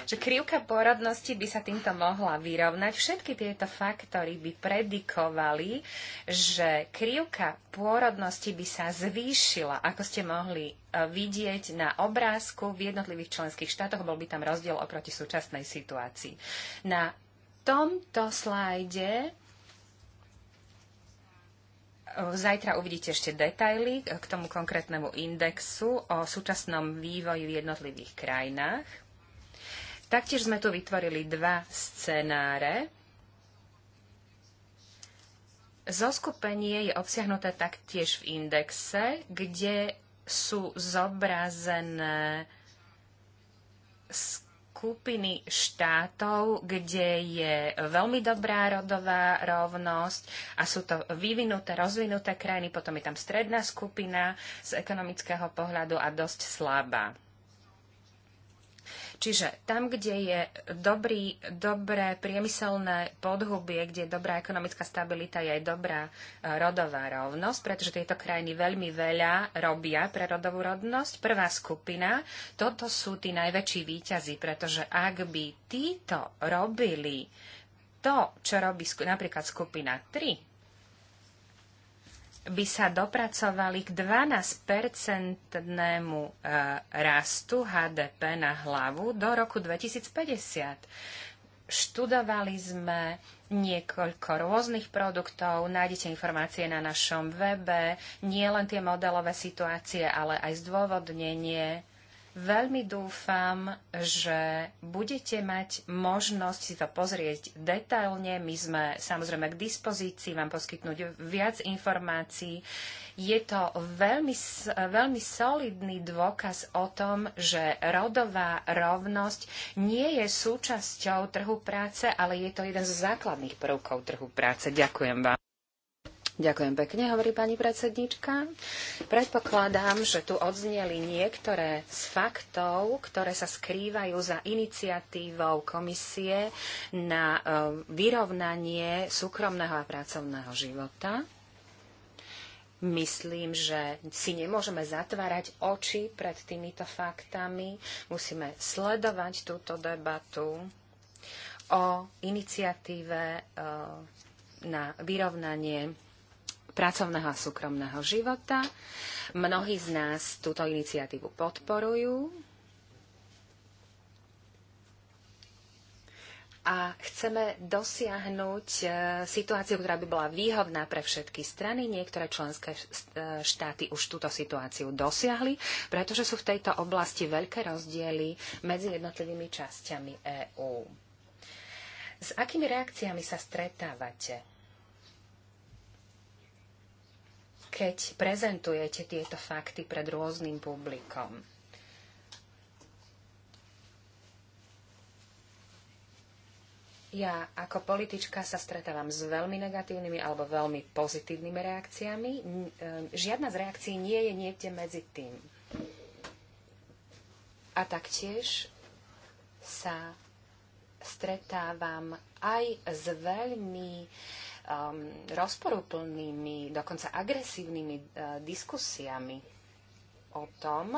že krivka porodnosti by sa týmto mohla vyrovnať. Všetky tieto faktory by predikovali, že krivka pôrodnosti by sa zvýšila, ako ste mohli e, vidieť na obrázku v jednotlivých členských štátoch, bol by tam rozdiel oproti súčasnej situácii. Na tomto slajde e, Zajtra uvidíte ešte detaily k tomu konkrétnemu indexu o súčasnom vývoji v jednotlivých krajinách. Taktiež sme tu vytvorili dva scenáre. Zoskupenie je obsiahnuté taktiež v indexe, kde sú zobrazené skupiny štátov, kde je veľmi dobrá rodová rovnosť a sú to vyvinuté, rozvinuté krajiny, potom je tam stredná skupina z ekonomického pohľadu a dosť slabá. Čiže tam, kde je dobrý, dobré priemyselné podhubie, kde je dobrá ekonomická stabilita, je aj dobrá e, rodová rovnosť, pretože tieto krajiny veľmi veľa robia pre rodovú rodnosť. Prvá skupina, toto sú tí najväčší výťazí, pretože ak by títo robili to, čo robí napríklad skupina 3, by sa dopracovali k 12-percentnému e, rastu HDP na hlavu do roku 2050. Študovali sme niekoľko rôznych produktov, nájdete informácie na našom webe, nie len tie modelové situácie, ale aj zdôvodnenie Veľmi dúfam, že budete mať možnosť si to pozrieť detailne. My sme samozrejme k dispozícii vám poskytnúť viac informácií. Je to veľmi, veľmi solidný dôkaz o tom, že rodová rovnosť nie je súčasťou trhu práce, ale je to jeden z základných prvkov trhu práce. Ďakujem vám. Ďakujem pekne, hovorí pani predsednička. Predpokladám, že tu odzneli niektoré z faktov, ktoré sa skrývajú za iniciatívou komisie na e, vyrovnanie súkromného a pracovného života. Myslím, že si nemôžeme zatvárať oči pred týmito faktami. Musíme sledovať túto debatu o iniciatíve e, na vyrovnanie pracovného a súkromného života. Mnohí z nás túto iniciatívu podporujú a chceme dosiahnuť e, situáciu, ktorá by bola výhodná pre všetky strany. Niektoré členské e, štáty už túto situáciu dosiahli, pretože sú v tejto oblasti veľké rozdiely medzi jednotlivými časťami EÚ. S akými reakciami sa stretávate? keď prezentujete tieto fakty pred rôznym publikom. Ja ako politička sa stretávam s veľmi negatívnymi alebo veľmi pozitívnymi reakciami. Žiadna z reakcií nie je niekde medzi tým. A taktiež sa stretávam aj s veľmi uh, um, rozporuplnými, dokonca agresívnymi uh, diskusiami o tom,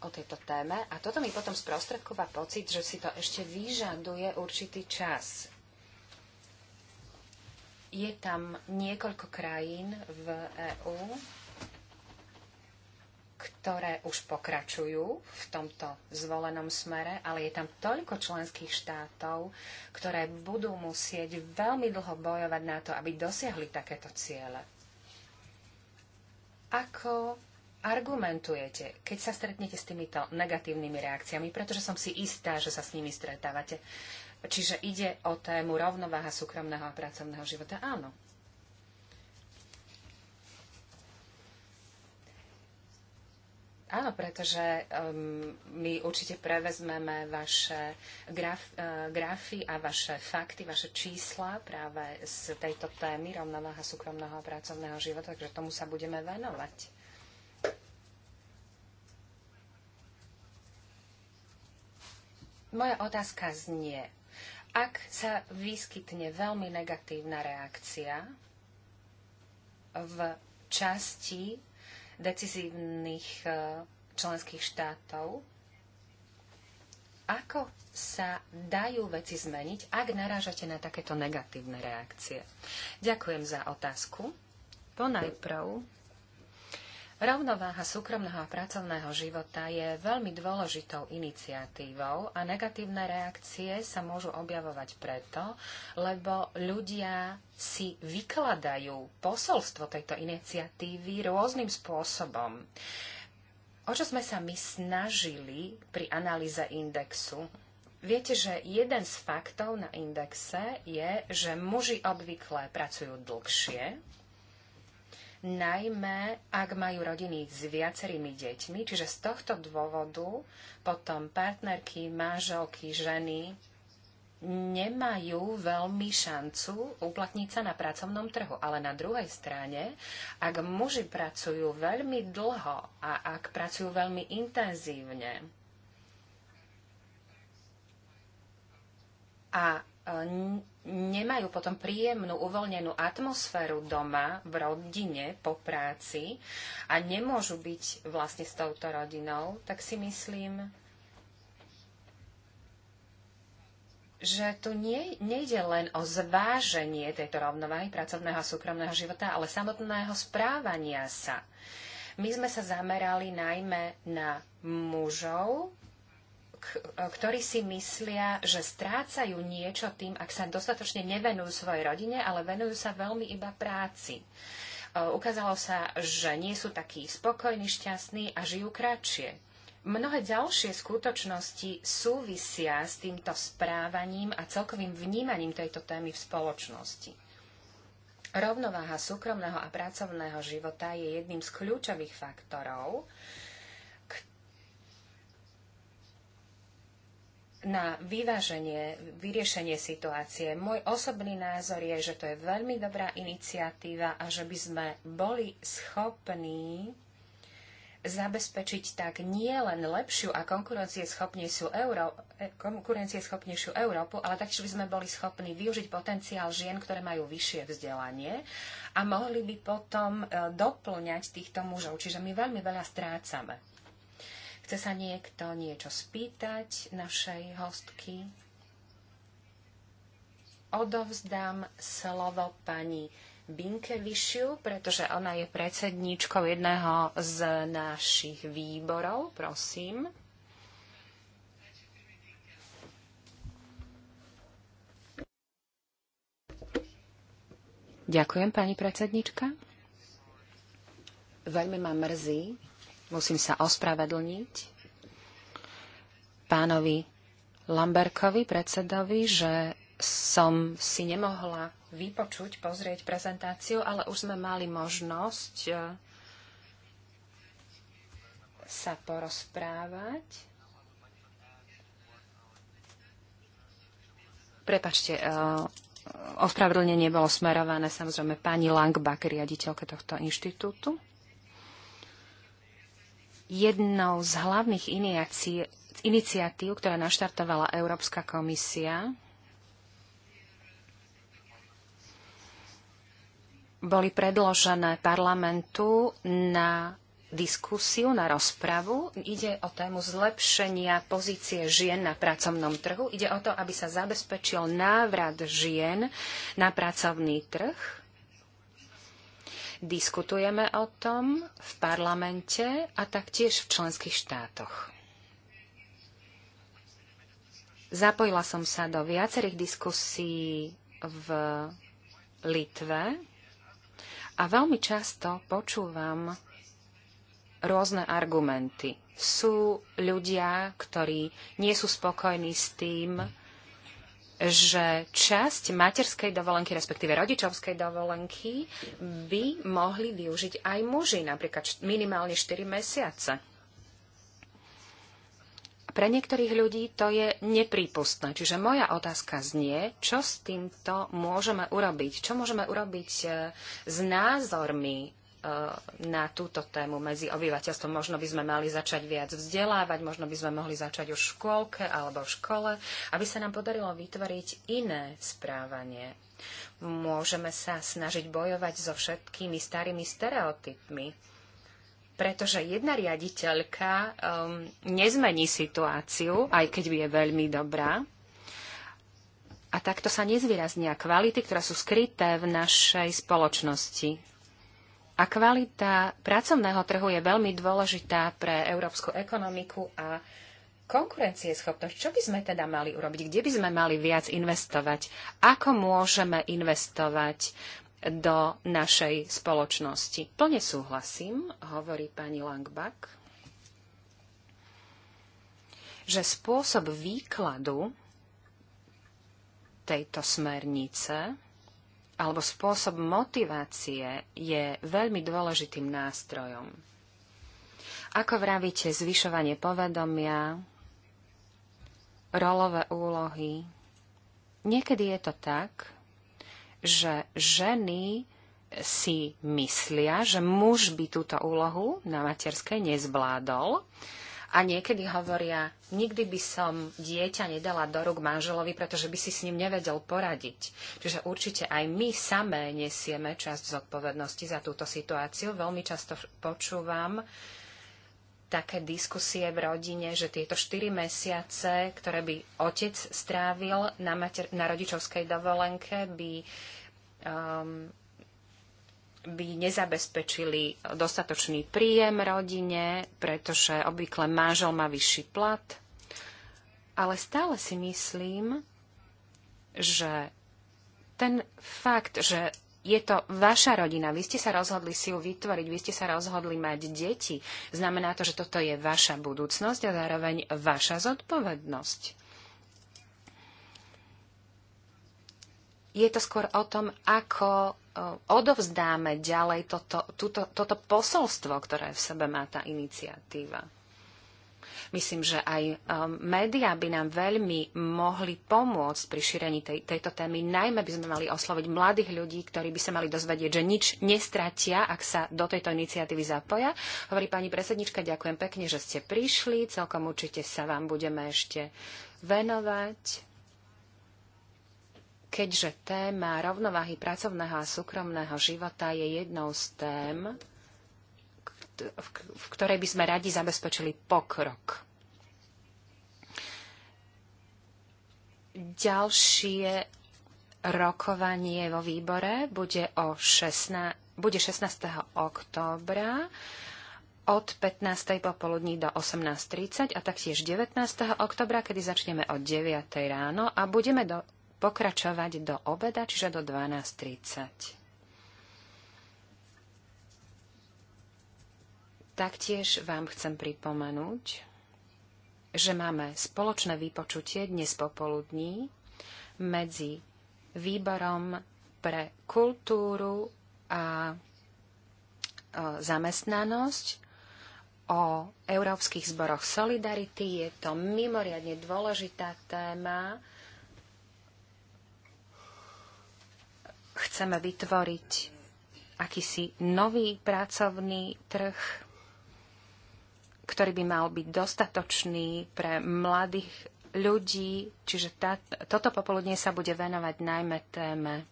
o tejto téme a toto mi potom sprostredkova pocit, že si to ešte vyžaduje určitý čas. Je tam niekoľko krajín v EÚ, ktoré už pokračujú v tomto zvolenom smere, ale je tam toľko členských štátov, ktoré budú musieť veľmi dlho bojovať na to, aby dosiahli takéto ciele. Ako argumentujete, keď sa stretnete s týmito negatívnymi reakciami, pretože som si istá, že sa s nimi stretávate. Čiže ide o tému rovnováha súkromného a pracovného života. Áno, Áno, pretože um, my určite prevezmeme vaše graf, uh, grafy a vaše fakty, vaše čísla práve z tejto témy rovnováha súkromného a pracovného života, takže tomu sa budeme venovať. Moja otázka znie, ak sa vyskytne veľmi negatívna reakcia v časti decizívnych e, členských štátov, ako sa dajú veci zmeniť, ak narážate na takéto negatívne reakcie? Ďakujem za otázku. Ponajprv Rovnováha súkromného a pracovného života je veľmi dôležitou iniciatívou a negatívne reakcie sa môžu objavovať preto, lebo ľudia si vykladajú posolstvo tejto iniciatívy rôznym spôsobom. O čo sme sa my snažili pri analýze indexu? Viete, že jeden z faktov na indexe je, že muži obvykle pracujú dlhšie, najmä ak majú rodiny s viacerými deťmi. Čiže z tohto dôvodu potom partnerky, máželky, ženy nemajú veľmi šancu uplatniť sa na pracovnom trhu. Ale na druhej strane, ak muži pracujú veľmi dlho a ak pracujú veľmi intenzívne a e, nemajú potom príjemnú, uvoľnenú atmosféru doma, v rodine, po práci a nemôžu byť vlastne s touto rodinou, tak si myslím, že tu nie, nejde len o zváženie tejto rovnováhy pracovného a súkromného života, ale samotného správania sa. My sme sa zamerali najmä na mužov, ktorí si myslia, že strácajú niečo tým, ak sa dostatočne nevenujú svojej rodine, ale venujú sa veľmi iba práci. E, ukázalo sa, že nie sú takí spokojní, šťastní a žijú kratšie. Mnohé ďalšie skutočnosti súvisia s týmto správaním a celkovým vnímaním tejto témy v spoločnosti. Rovnováha súkromného a pracovného života je jedným z kľúčových faktorov, na vyváženie, vyriešenie situácie. Môj osobný názor je, že to je veľmi dobrá iniciatíva a že by sme boli schopní zabezpečiť tak nie len lepšiu a konkurencieschopnejšiu, Euró- e, konkurencieschopnejšiu Európu, ale taktiež by sme boli schopní využiť potenciál žien, ktoré majú vyššie vzdelanie a mohli by potom e, doplňať týchto mužov. Čiže my veľmi veľa strácame. Chce sa niekto niečo spýtať našej hostky? Odovzdám slovo pani Binkevišiu, pretože ona je predsedníčkou jedného z našich výborov. Prosím. Ďakujem, pani predsednička. Veľmi ma mrzí, musím sa ospravedlniť pánovi Lamberkovi, predsedovi, že som si nemohla vypočuť, pozrieť prezentáciu, ale už sme mali možnosť e, sa porozprávať. Prepačte, e, ospravedlnenie bolo smerované samozrejme pani Langbach, riaditeľke tohto inštitútu jednou z hlavných iniciatív, ktorá naštartovala Európska komisia, boli predložené parlamentu na diskusiu, na rozpravu. Ide o tému zlepšenia pozície žien na pracovnom trhu. Ide o to, aby sa zabezpečil návrat žien na pracovný trh Diskutujeme o tom v parlamente a taktiež v členských štátoch. Zapojila som sa do viacerých diskusí v Litve a veľmi často počúvam rôzne argumenty. Sú ľudia, ktorí nie sú spokojní s tým, že časť materskej dovolenky, respektíve rodičovskej dovolenky by mohli využiť aj muži, napríklad minimálne 4 mesiace. Pre niektorých ľudí to je neprípustné. Čiže moja otázka znie, čo s týmto môžeme urobiť? Čo môžeme urobiť eh, s názormi Eh, na túto tému medzi obyvateľstvom. Možno by sme mali začať viac vzdelávať, možno by sme mohli začať už v škôlke alebo v škole, aby sa nám podarilo vytvoriť iné správanie. Môžeme sa snažiť bojovať so všetkými starými stereotypmi, pretože jedna riaditeľka um, nezmení situáciu, aj keď je veľmi dobrá, a takto sa nezvýraznia kvality, ktoré sú skryté v našej spoločnosti. A kvalita pracovného trhu je veľmi dôležitá pre európsku ekonomiku a konkurencieschopnosť. Čo by sme teda mali urobiť? Kde by sme mali viac investovať? Ako môžeme investovať do našej spoločnosti? Plne súhlasím, hovorí pani Langbach, že spôsob výkladu tejto smernice alebo spôsob motivácie je veľmi dôležitým nástrojom. Ako vravíte, zvyšovanie povedomia, rolové úlohy. Niekedy je to tak, že ženy si myslia, že muž by túto úlohu na materskej nezvládol, a niekedy hovoria, nikdy by som dieťa nedala do rúk manželovi, pretože by si s ním nevedel poradiť. Čiže určite aj my samé nesieme časť zodpovednosti za túto situáciu. Veľmi často počúvam také diskusie v rodine, že tieto 4 mesiace, ktoré by otec strávil na, mater- na rodičovskej dovolenke, by um, by nezabezpečili dostatočný príjem rodine, pretože obvykle manžel má vyšší plat. Ale stále si myslím, že ten fakt, že je to vaša rodina, vy ste sa rozhodli si ju vytvoriť, vy ste sa rozhodli mať deti, znamená to, že toto je vaša budúcnosť a zároveň vaša zodpovednosť. Je to skôr o tom, ako Eh, odovzdáme ďalej toto, túto, toto posolstvo, ktoré v sebe má tá iniciatíva. Myslím, že aj um, médiá by nám veľmi mohli pomôcť pri šírení tej, tejto témy. Najmä by sme mali osloviť mladých ľudí, ktorí by sa mali dozvedieť, že nič nestratia, ak sa do tejto iniciatívy zapoja. Hovorí pani predsednička, ďakujem pekne, že ste prišli. Celkom určite sa vám budeme ešte venovať Keďže téma rovnováhy pracovného a súkromného života je jednou z tém, v ktorej by sme radi zabezpečili pokrok. Ďalšie rokovanie vo výbore bude, o 16, bude 16. októbra od 15. popoludní do 18.30 a taktiež 19. oktobra, kedy začneme od 9. ráno a budeme do pokračovať do obeda, čiže do 12.30. Taktiež vám chcem pripomenúť, že máme spoločné vypočutie dnes popoludní medzi výborom pre kultúru a e, zamestnanosť o Európskych zboroch Solidarity. Je to mimoriadne dôležitá téma Chceme vytvoriť akýsi nový pracovný trh, ktorý by mal byť dostatočný pre mladých ľudí, čiže tá, toto popoludne sa bude venovať najmä téme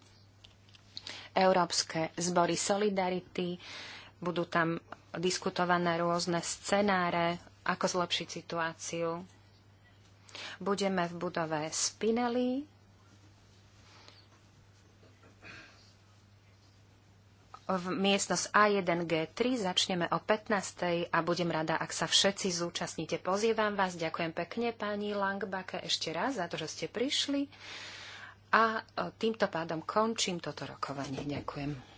Európske zbory Solidarity. Budú tam diskutované rôzne scenáre, ako zlepšiť situáciu. Budeme v budove Spinelli v miestnosť A1G3. Začneme o 15. a budem rada, ak sa všetci zúčastníte. Pozývam vás. Ďakujem pekne pani Langbake ešte raz za to, že ste prišli. A e, týmto pádom končím toto rokovanie. Ďakujem.